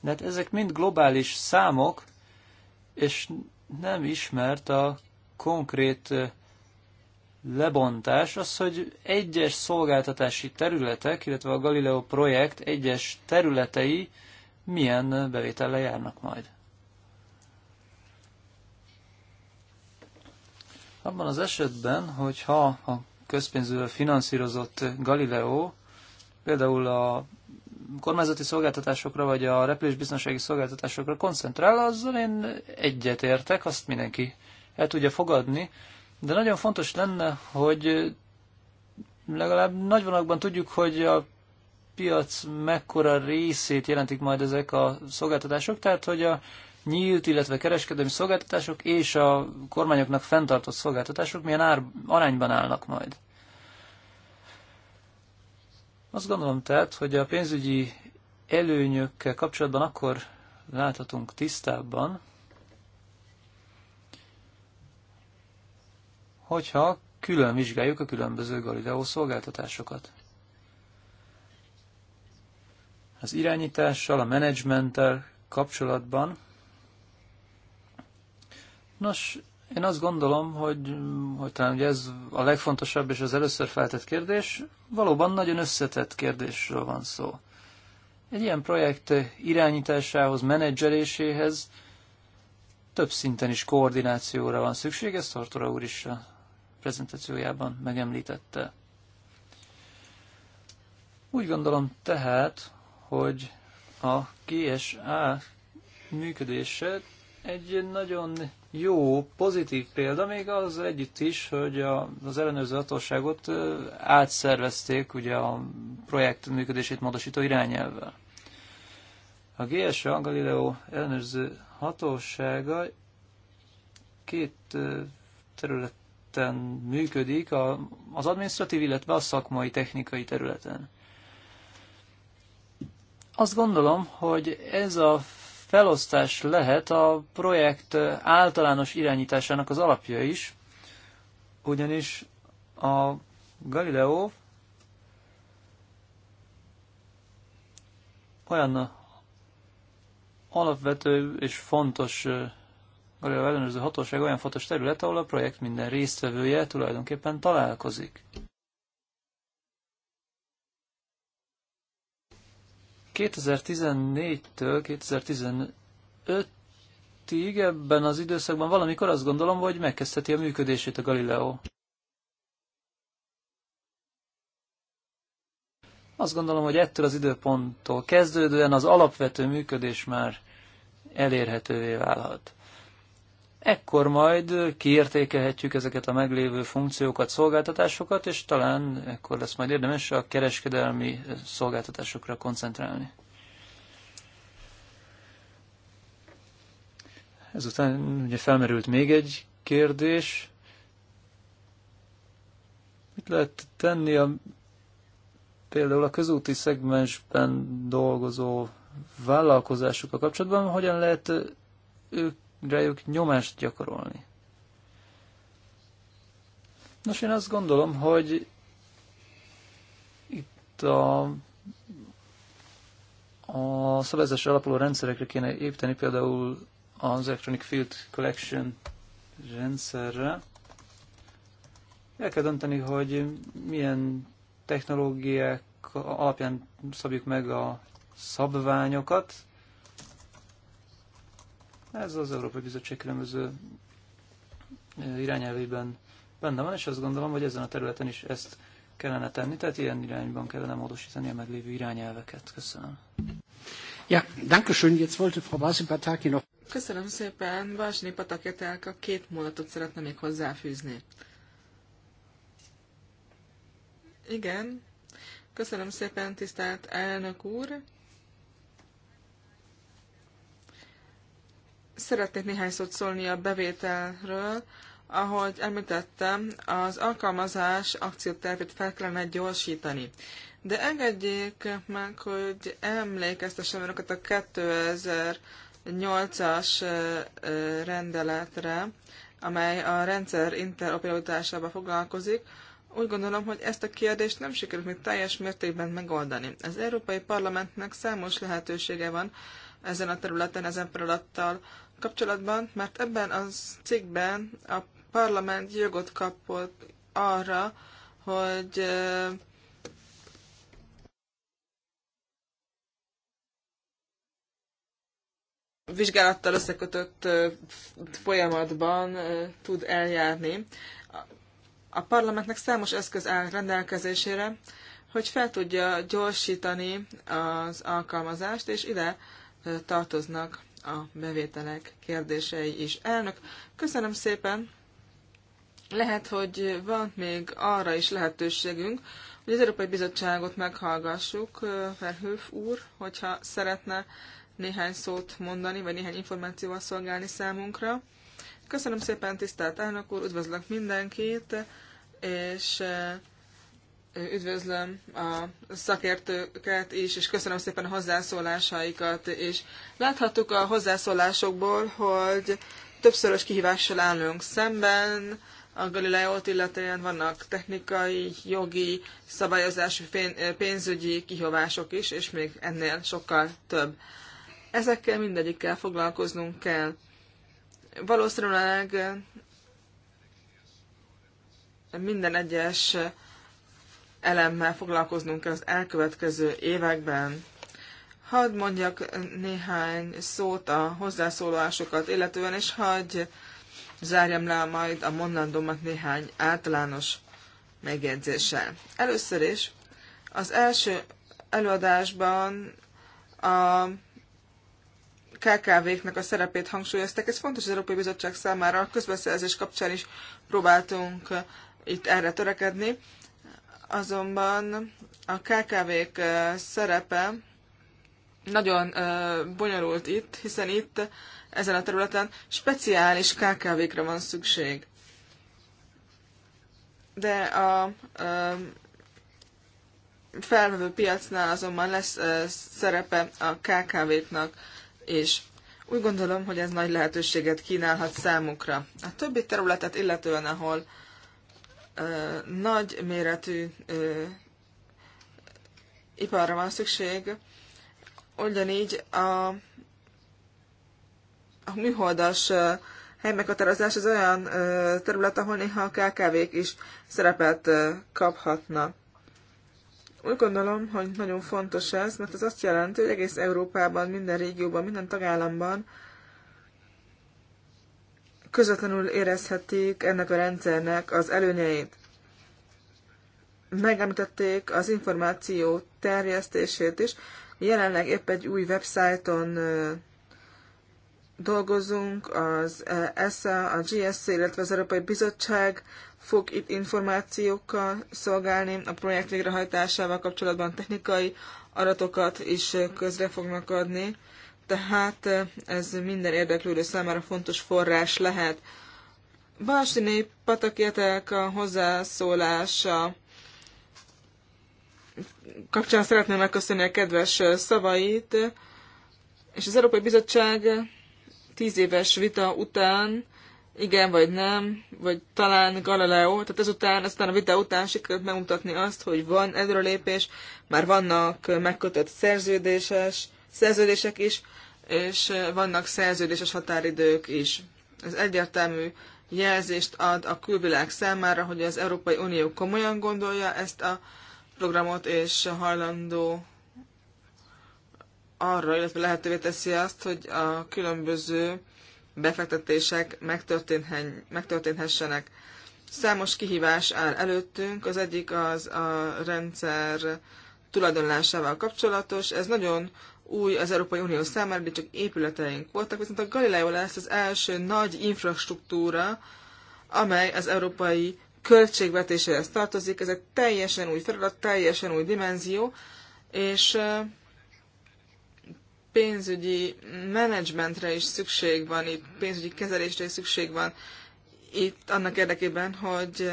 de hát ezek mind globális számok, és nem ismert a konkrét lebontás, az, hogy egyes szolgáltatási területek, illetve a Galileo projekt egyes területei milyen bevétellel járnak majd. Abban az esetben, hogyha a közpénzből finanszírozott Galileo például a kormányzati szolgáltatásokra vagy a repülésbiztonsági szolgáltatásokra koncentrál, azzal én értek, azt mindenki el tudja fogadni, de nagyon fontos lenne, hogy legalább nagy vonalakban tudjuk, hogy a piac mekkora részét jelentik majd ezek a szolgáltatások, tehát hogy a nyílt, illetve kereskedelmi szolgáltatások és a kormányoknak fenntartott szolgáltatások milyen ár, arányban állnak majd. Azt gondolom tehát, hogy a pénzügyi előnyökkel kapcsolatban akkor láthatunk tisztábban, hogyha külön vizsgáljuk a különböző Galileo szolgáltatásokat. Az irányítással, a menedzsmenttel kapcsolatban Nos, én azt gondolom, hogy, hogy talán ugye ez a legfontosabb és az először feltett kérdés, valóban nagyon összetett kérdésről van szó. Egy ilyen projekt irányításához, menedzseléséhez több szinten is koordinációra van szükség, ezt Tartora úr is a prezentációjában megemlítette. Úgy gondolom tehát, hogy a GSA működése egy nagyon jó, pozitív példa még az együtt is, hogy a, az ellenőrző hatóságot átszervezték ugye a projekt működését módosító irányelvvel. A GSA, Galileo ellenőrző hatósága két területen működik, a, az administratív, illetve a szakmai technikai területen. Azt gondolom, hogy ez a felosztás lehet a projekt általános irányításának az alapja is, ugyanis a Galileo olyan alapvető és fontos Galileo ellenőrző hatóság olyan fontos terület, ahol a projekt minden résztvevője tulajdonképpen találkozik. 2014-től 2015-ig ebben az időszakban valamikor azt gondolom, hogy megkezdheti a működését a Galileo. Azt gondolom, hogy ettől az időponttól kezdődően az alapvető működés már elérhetővé válhat. Ekkor majd kiértékelhetjük ezeket a meglévő funkciókat, szolgáltatásokat, és talán ekkor lesz majd érdemes a kereskedelmi szolgáltatásokra koncentrálni. Ezután ugye felmerült még egy kérdés. Mit lehet tenni a például a közúti szegmensben dolgozó vállalkozásokkal kapcsolatban, hogyan lehet ők rájuk nyomást gyakorolni. Nos, én azt gondolom, hogy itt a, a szabályozásra alapuló rendszerekre kéne építeni, például az Electronic Field Collection rendszerre. El kell dönteni, hogy milyen technológiák alapján szabjuk meg a szabványokat, ez az Európai Bizottság különböző eh, irányelvében benne van, és azt gondolom, hogy ezen a területen is ezt kellene tenni, tehát ilyen irányban kellene módosítani a meglévő irányelveket. Köszönöm. Ja, danke schön. Jetzt wollte Frau Basipataki noch... Köszönöm szépen. Vasni Pataketelka két mondatot szeretne még hozzáfűzni. Igen. Köszönöm szépen, tisztelt elnök úr. Szeretnék néhány szót szólni a bevételről. Ahogy említettem, az alkalmazás akciótervét fel kellene gyorsítani. De engedjék meg, hogy emlékeztessem önöket a 2008-as rendeletre, amely a rendszer interoperabilitásába foglalkozik. Úgy gondolom, hogy ezt a kérdést nem sikerült még teljes mértékben megoldani. Az Európai Parlamentnek számos lehetősége van ezen a területen, ezen feladattal kapcsolatban, mert ebben a cikkben a parlament jogot kapott arra, hogy vizsgálattal összekötött folyamatban tud eljárni. A parlamentnek számos eszköz áll rendelkezésére, hogy fel tudja gyorsítani az alkalmazást, és ide tartoznak a bevételek kérdései is. Elnök, köszönöm szépen! Lehet, hogy van még arra is lehetőségünk, hogy az Európai Bizottságot meghallgassuk, Verhöf úr, hogyha szeretne néhány szót mondani, vagy néhány információval szolgálni számunkra. Köszönöm szépen, tisztelt elnök úr, üdvözlök mindenkit, és üdvözlöm a szakértőket is, és köszönöm szépen a hozzászólásaikat, és láthattuk a hozzászólásokból, hogy többszörös kihívással állunk szemben, a Galileót illetően vannak technikai, jogi, szabályozási, pénzügyi kihívások is, és még ennél sokkal több. Ezekkel mindegyikkel foglalkoznunk kell. Valószínűleg minden egyes elemmel foglalkoznunk kell az elkövetkező években. Hadd mondjak néhány szót a hozzászólásokat illetően, és hagyj zárjam le majd a mondandómat néhány általános megjegyzéssel. Először is az első előadásban a KKV-knek a szerepét hangsúlyozták. Ez fontos az Európai Bizottság számára. A közbeszerzés kapcsán is próbáltunk itt erre törekedni. Azonban a KKV-k szerepe nagyon bonyolult itt, hiszen itt ezen a területen speciális KKV-kra van szükség. De a felvevő piacnál azonban lesz szerepe a KKV-knak, és úgy gondolom, hogy ez nagy lehetőséget kínálhat számukra. A többi területet illetően, ahol nagy méretű iparra van szükség, ugyanígy a, a műholdas helymeghatározás az olyan terület, ahol néha a KKV-k is szerepet kaphatna. Úgy gondolom, hogy nagyon fontos ez, mert ez azt jelenti, hogy egész Európában, minden régióban, minden tagállamban közvetlenül érezhetik ennek a rendszernek az előnyeit. Megemlítették az információ terjesztését is. Jelenleg épp egy új websájton dolgozunk, az ESA, a GSC, illetve az Európai Bizottság fog itt információkkal szolgálni. A projekt végrehajtásával kapcsolatban technikai adatokat is közre fognak adni tehát eh, ez minden érdeklődő számára fontos forrás lehet. Balsiné Patakietelk a hozzászólása kapcsán szeretném megköszönni a kedves eh, szavait, és az Európai Bizottság tíz éves vita után, igen vagy nem, vagy talán Galileo, tehát ezután, aztán a vita után sikerült megmutatni azt, hogy van előrelépés, már vannak megkötött szerződéses szerződések is, és vannak szerződéses határidők is. Ez egyértelmű jelzést ad a külvilág számára, hogy az Európai Unió komolyan gondolja ezt a programot, és hajlandó arra, illetve lehetővé teszi azt, hogy a különböző befektetések megtörténhessenek. Számos kihívás áll előttünk, az egyik az a rendszer tulajdonlásával kapcsolatos. Ez nagyon új az Európai Unió számára, de csak épületeink voltak, viszont a Galileo lesz az első nagy infrastruktúra, amely az európai költségvetéséhez tartozik. Ez egy teljesen új feladat, teljesen új dimenzió, és pénzügyi menedzsmentre is szükség van, itt pénzügyi kezelésre is szükség van, itt annak érdekében, hogy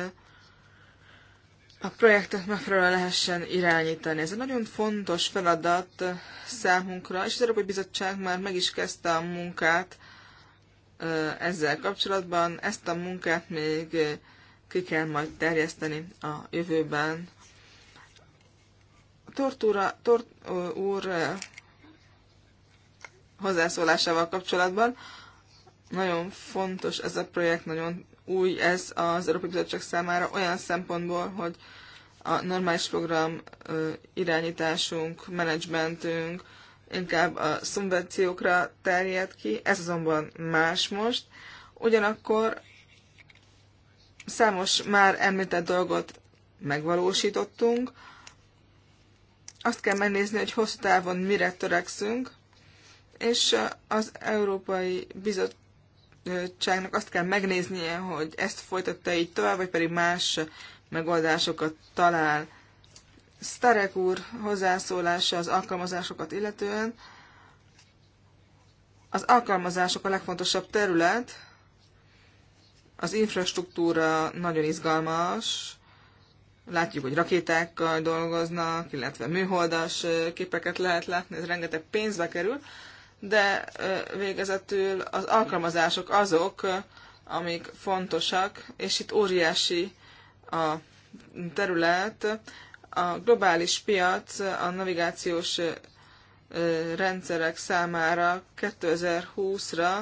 a projektet megfelelően lehessen irányítani. Ez egy nagyon fontos feladat számunkra, és az Európai Bizottság már meg is kezdte a munkát ezzel kapcsolatban. Ezt a munkát még ki kell majd terjeszteni a jövőben. Tortúra, Tort úr hozzászólásával kapcsolatban nagyon fontos ez a projekt, nagyon új ez az Európai Bizottság számára olyan szempontból, hogy a normális program irányításunk, menedzsmentünk inkább a szubvenciókra terjed ki, ez azonban más most. Ugyanakkor számos már említett dolgot megvalósítottunk. Azt kell megnézni, hogy hosszú távon mire törekszünk, és az Európai Bizottság bizottságnak azt kell megnéznie, hogy ezt folytatta így tovább, vagy pedig más megoldásokat talál. Starek úr hozzászólása az alkalmazásokat illetően. Az alkalmazások a legfontosabb terület, az infrastruktúra nagyon izgalmas, látjuk, hogy rakétákkal dolgoznak, illetve műholdas képeket lehet látni, ez rengeteg pénzbe kerül, de végezetül az alkalmazások azok, amik fontosak, és itt óriási a terület. A globális piac a navigációs rendszerek számára 2020-ra,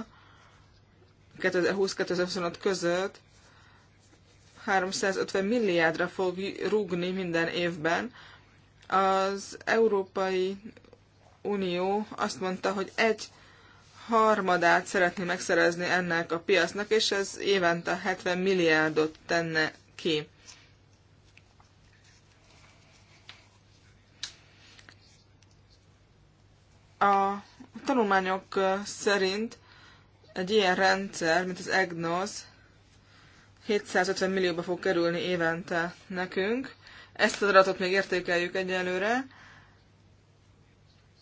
2020-2025 között 350 milliárdra fog rúgni minden évben. Az Európai Unió azt mondta, hogy egy harmadát szeretné megszerezni ennek a piacnak, és ez évente 70 milliárdot tenne ki. A tanulmányok szerint egy ilyen rendszer, mint az EGNOS, 750 millióba fog kerülni évente nekünk. Ezt az adatot még értékeljük egyelőre,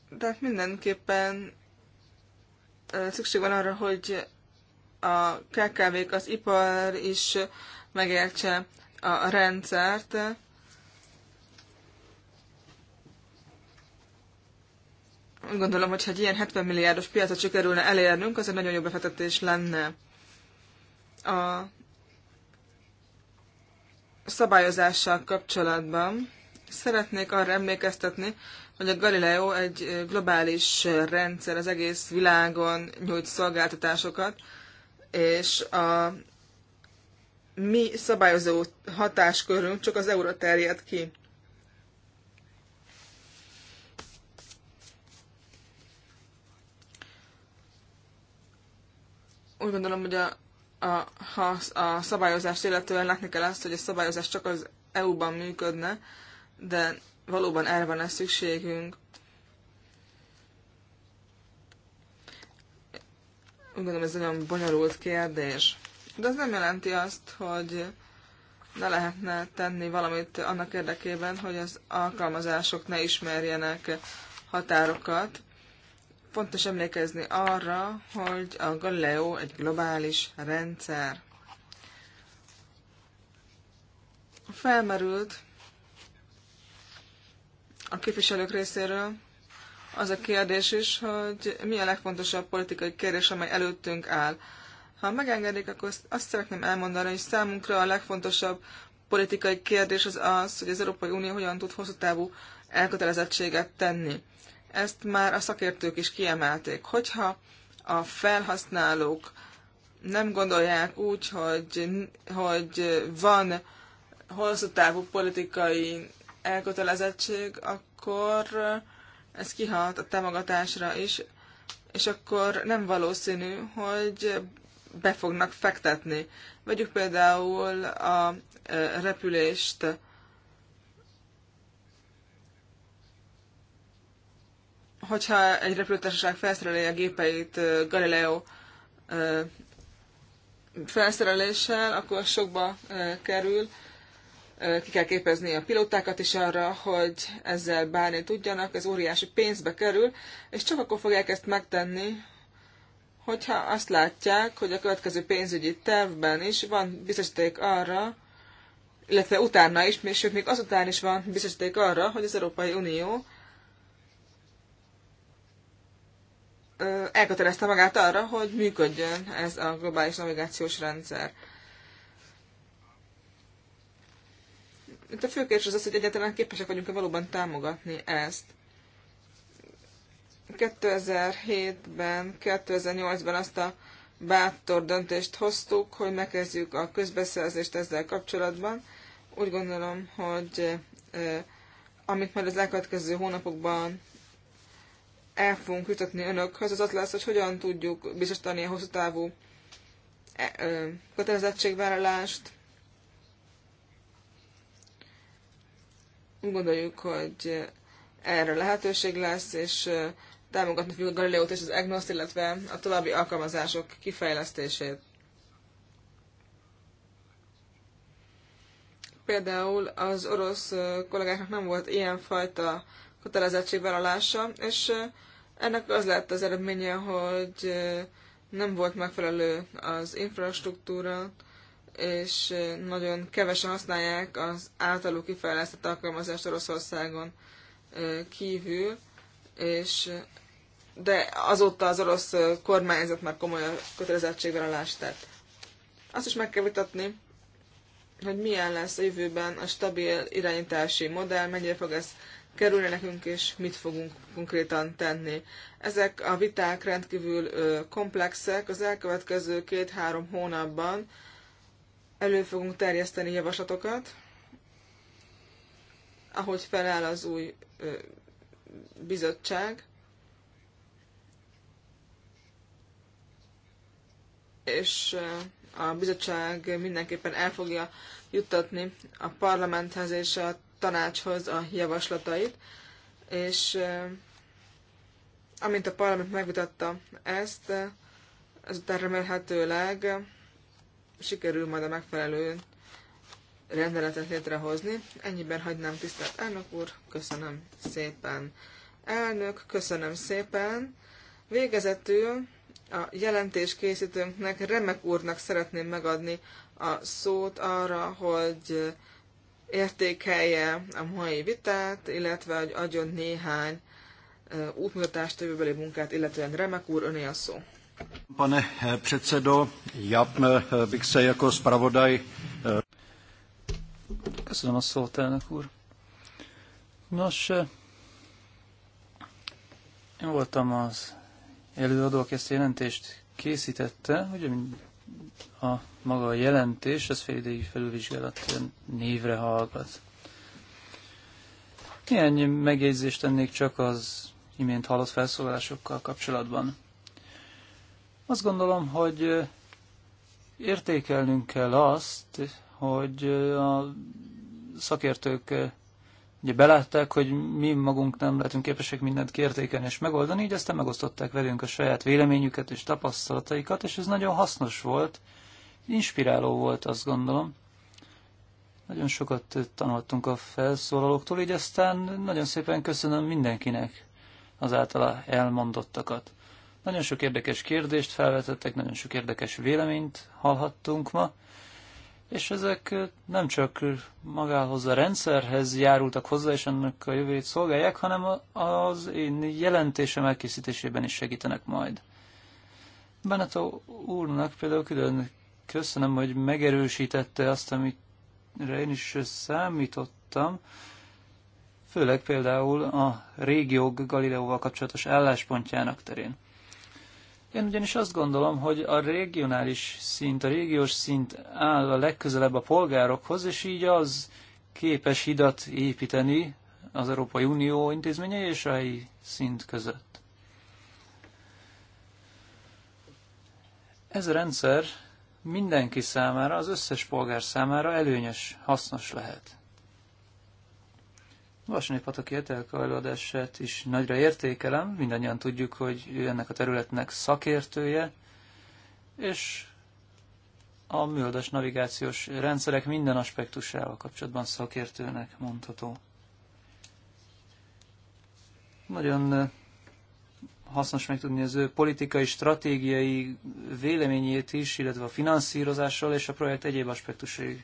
de hát mindenképpen szükség van arra, hogy a KKV-k, az ipar is megértse a rendszert. Úgy gondolom, hogy ha egy ilyen 70 milliárdos piacot sikerülne elérnünk, az egy nagyon jó befektetés lenne. A szabályozással kapcsolatban szeretnék arra emlékeztetni, hogy a Galileo egy globális rendszer, az egész világon nyújt szolgáltatásokat, és a mi szabályozó hatáskörünk csak az euró terjed ki. Úgy gondolom, hogy a, a, ha a szabályozást illetően látni kell azt, hogy a szabályozás csak az EU-ban működne, de valóban erre van-e szükségünk. Úgy gondolom, ez nagyon bonyolult kérdés. De ez nem jelenti azt, hogy ne lehetne tenni valamit annak érdekében, hogy az alkalmazások ne ismerjenek határokat. Fontos emlékezni arra, hogy a Galileo egy globális rendszer. Felmerült a képviselők részéről az a kérdés is, hogy mi a legfontosabb politikai kérdés, amely előttünk áll. Ha megengedik, akkor azt szeretném elmondani, hogy számunkra a legfontosabb politikai kérdés az az, hogy az Európai Unió hogyan tud hosszú távú elkötelezettséget tenni. Ezt már a szakértők is kiemelték. Hogyha a felhasználók nem gondolják úgy, hogy, hogy van hosszú távú politikai elkötelezettség, akkor ez kihat a támogatásra is, és akkor nem valószínű, hogy be fognak fektetni. Vegyük például a repülést. Hogyha egy repülőtársaság felszereli a gépeit Galileo felszereléssel, akkor sokba kerül, ki kell képezni a pilótákat is arra, hogy ezzel bánni tudjanak, ez óriási pénzbe kerül, és csak akkor fogják ezt megtenni, hogyha azt látják, hogy a következő pénzügyi tervben is van biztosíték arra, illetve utána is, és sőt, még azután is van biztosíték arra, hogy az Európai Unió elkötelezte magát arra, hogy működjön ez a globális navigációs rendszer. Itt a fő kérdés az az, hogy egyáltalán képesek vagyunk-e valóban támogatni ezt. 2007-ben, 2008-ban azt a bátor döntést hoztuk, hogy megkezdjük a közbeszerzést ezzel kapcsolatban. Úgy gondolom, hogy eh, amit majd az elkövetkező hónapokban el fogunk jutatni önökhöz, az az lesz, hogy hogyan tudjuk biztosítani a hosszú távú e, kötelezettségvállalást, Úgy gondoljuk, hogy erre lehetőség lesz, és támogatni fogjuk a Galileót és az egnos illetve a további alkalmazások kifejlesztését. Például az orosz kollégáknak nem volt ilyenfajta kötelezettségvállalása, és ennek az lett az eredménye, hogy nem volt megfelelő az infrastruktúra, és nagyon kevesen használják az általuk kifejlesztett alkalmazást Oroszországon kívül, és de azóta az orosz kormányzat már komoly alást tett. Azt is meg kell vitatni, hogy milyen lesz a jövőben a stabil irányítási modell, mennyire fog ez kerülni nekünk, és mit fogunk konkrétan tenni. Ezek a viták rendkívül komplexek. Az elkövetkező két-három hónapban elő fogunk terjeszteni javaslatokat, ahogy feláll az új bizottság, és a bizottság mindenképpen el fogja juttatni a parlamenthez és a tanácshoz a javaslatait, és amint a parlament megvitatta ezt, ezután remélhetőleg sikerül majd a megfelelő rendeletet létrehozni. Ennyiben hagynám tisztelt elnök úr, köszönöm szépen. Elnök, köszönöm szépen. Végezetül a jelentés készítőnknek, Remek úrnak szeretném megadni a szót arra, hogy értékelje a mai vitát, illetve hogy adjon néhány útmutatást, jövőbeli munkát, illetően Remek úr, öné a szó. Pane eh, předsedo, já eh, bych se jako zpravodaj... Eh, Köszönöm a szót, elnök úr. Nos, én voltam az előadó, aki ezt a jelentést készítette, ugye a maga a jelentés, ez félidei felülvizsgálat névre hallgat. Néhány megjegyzést tennék csak az imént hallott felszólalásokkal kapcsolatban. Azt gondolom, hogy értékelnünk kell azt, hogy a szakértők ugye belátták, hogy mi magunk nem lehetünk képesek mindent kiértékelni és megoldani, így aztán megosztották velünk a saját véleményüket és tapasztalataikat, és ez nagyon hasznos volt, inspiráló volt, azt gondolom. Nagyon sokat tanultunk a felszólalóktól, így aztán nagyon szépen köszönöm mindenkinek az általa elmondottakat. Nagyon sok érdekes kérdést felvetettek, nagyon sok érdekes véleményt hallhattunk ma, és ezek nem csak magához a rendszerhez járultak hozzá, és annak a jövőjét szolgálják, hanem az én jelentésem elkészítésében is segítenek majd. Benetó úrnak például külön köszönöm, hogy megerősítette azt, amire én is számítottam, főleg például a régiók Galileóval kapcsolatos álláspontjának terén. Én ugyanis azt gondolom, hogy a regionális szint, a régiós szint áll a legközelebb a polgárokhoz, és így az képes hidat építeni az Európai Unió intézményei és a helyi szint között. Ez a rendszer mindenki számára, az összes polgár számára előnyös, hasznos lehet. Vasonyi Pataki Etelka előadását is nagyra értékelem, mindannyian tudjuk, hogy ő ennek a területnek szakértője, és a műoldas navigációs rendszerek minden aspektusával kapcsolatban szakértőnek mondható. Nagyon eh, hasznos megtudni az ő politikai, stratégiai véleményét is, illetve a finanszírozással és a projekt egyéb aspektusai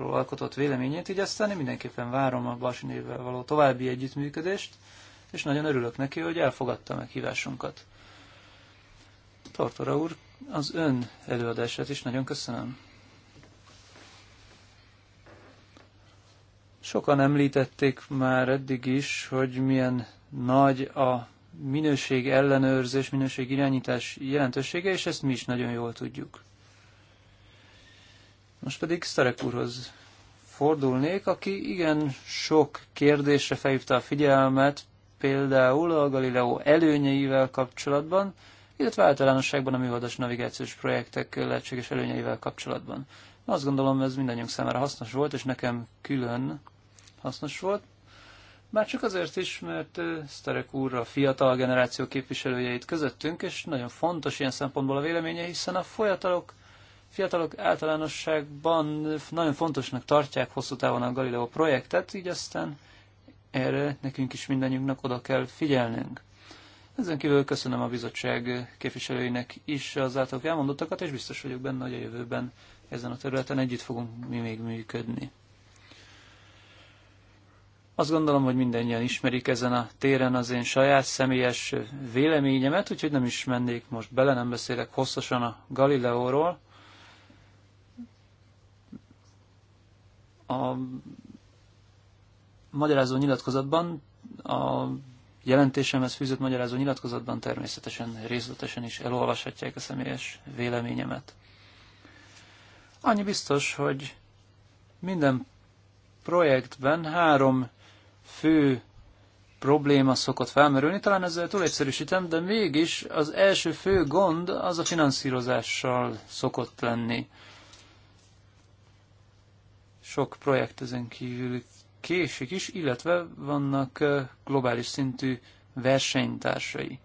anyagról alkotott véleményét, így aztán én mindenképpen várom a névvel való további együttműködést, és nagyon örülök neki, hogy elfogadta hívásunkat. Tortora úr, az ön előadását is nagyon köszönöm. Sokan említették már eddig is, hogy milyen nagy a minőség ellenőrzés, minőség irányítás jelentősége, és ezt mi is nagyon jól tudjuk. Most pedig Szerek úrhoz fordulnék, aki igen sok kérdésre felhívta a figyelmet, például a Galileo előnyeivel kapcsolatban, illetve általánosságban a műholdas navigációs projektek lehetséges előnyeivel kapcsolatban. Azt gondolom, ez mindannyiunk számára hasznos volt, és nekem külön hasznos volt. Már csak azért is, mert Sterek úr a fiatal generáció képviselőjeit közöttünk, és nagyon fontos ilyen szempontból a véleménye, hiszen a folyatalok fiatalok általánosságban nagyon fontosnak tartják hosszú távon a Galileo projektet, így aztán erre nekünk is mindannyiunknak oda kell figyelnünk. Ezen kívül köszönöm a bizottság képviselőinek is az általuk elmondottakat, és biztos vagyok benne, hogy a jövőben ezen a területen együtt fogunk mi még működni. Azt gondolom, hogy mindannyian ismerik ezen a téren az én saját személyes véleményemet, úgyhogy nem is mennék most bele, nem beszélek hosszasan a Galileóról. A magyarázó nyilatkozatban, a jelentésemhez fűzött magyarázó nyilatkozatban természetesen részletesen is elolvashatják a személyes véleményemet. Annyi biztos, hogy minden projektben három fő probléma szokott felmerülni, talán ezzel túl egyszerűsítem, de mégis az első fő gond az a finanszírozással szokott lenni. Sok projekt ezen kívül késik is, illetve vannak globális szintű versenytársai.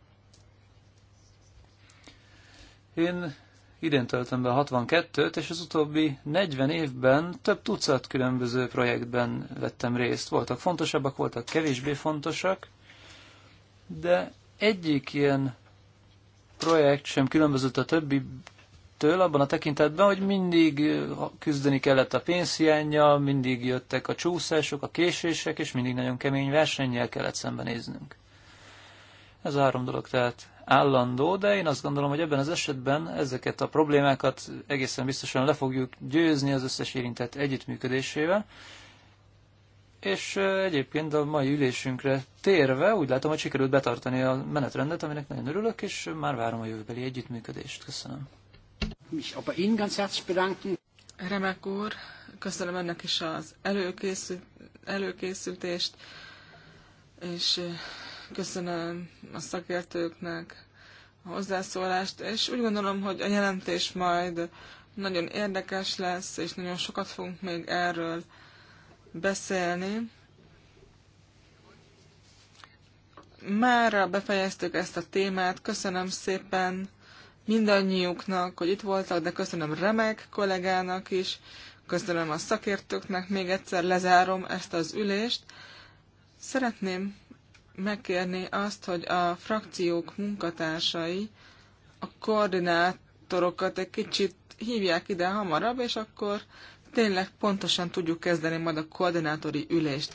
Én idén töltöm be 62-t, és az utóbbi 40 évben több tucat különböző projektben vettem részt. Voltak fontosabbak, voltak kevésbé fontosak, de egyik ilyen projekt sem különbözött a többi től abban a tekintetben, hogy mindig küzdeni kellett a pénzhiánya, mindig jöttek a csúszások, a késések, és mindig nagyon kemény versennyel kellett szembenéznünk. Ez a három dolog tehát állandó, de én azt gondolom, hogy ebben az esetben ezeket a problémákat egészen biztosan le fogjuk győzni az összes érintett együttműködésével. És egyébként a mai ülésünkre térve úgy látom, hogy sikerült betartani a menetrendet, aminek nagyon örülök, és már várom a jövőbeli együttműködést. Köszönöm. Remek úr, köszönöm ennek is az előkészült, előkészültést, és köszönöm a szakértőknek a hozzászólást, és úgy gondolom, hogy a jelentés majd nagyon érdekes lesz, és nagyon sokat fogunk még erről beszélni. Mára befejeztük ezt a témát. Köszönöm szépen mindannyiuknak, hogy itt voltak, de köszönöm remek kollégának is, köszönöm a szakértőknek, még egyszer lezárom ezt az ülést. Szeretném megkérni azt, hogy a frakciók munkatársai a koordinátorokat egy kicsit hívják ide hamarabb, és akkor tényleg pontosan tudjuk kezdeni majd a koordinátori ülést.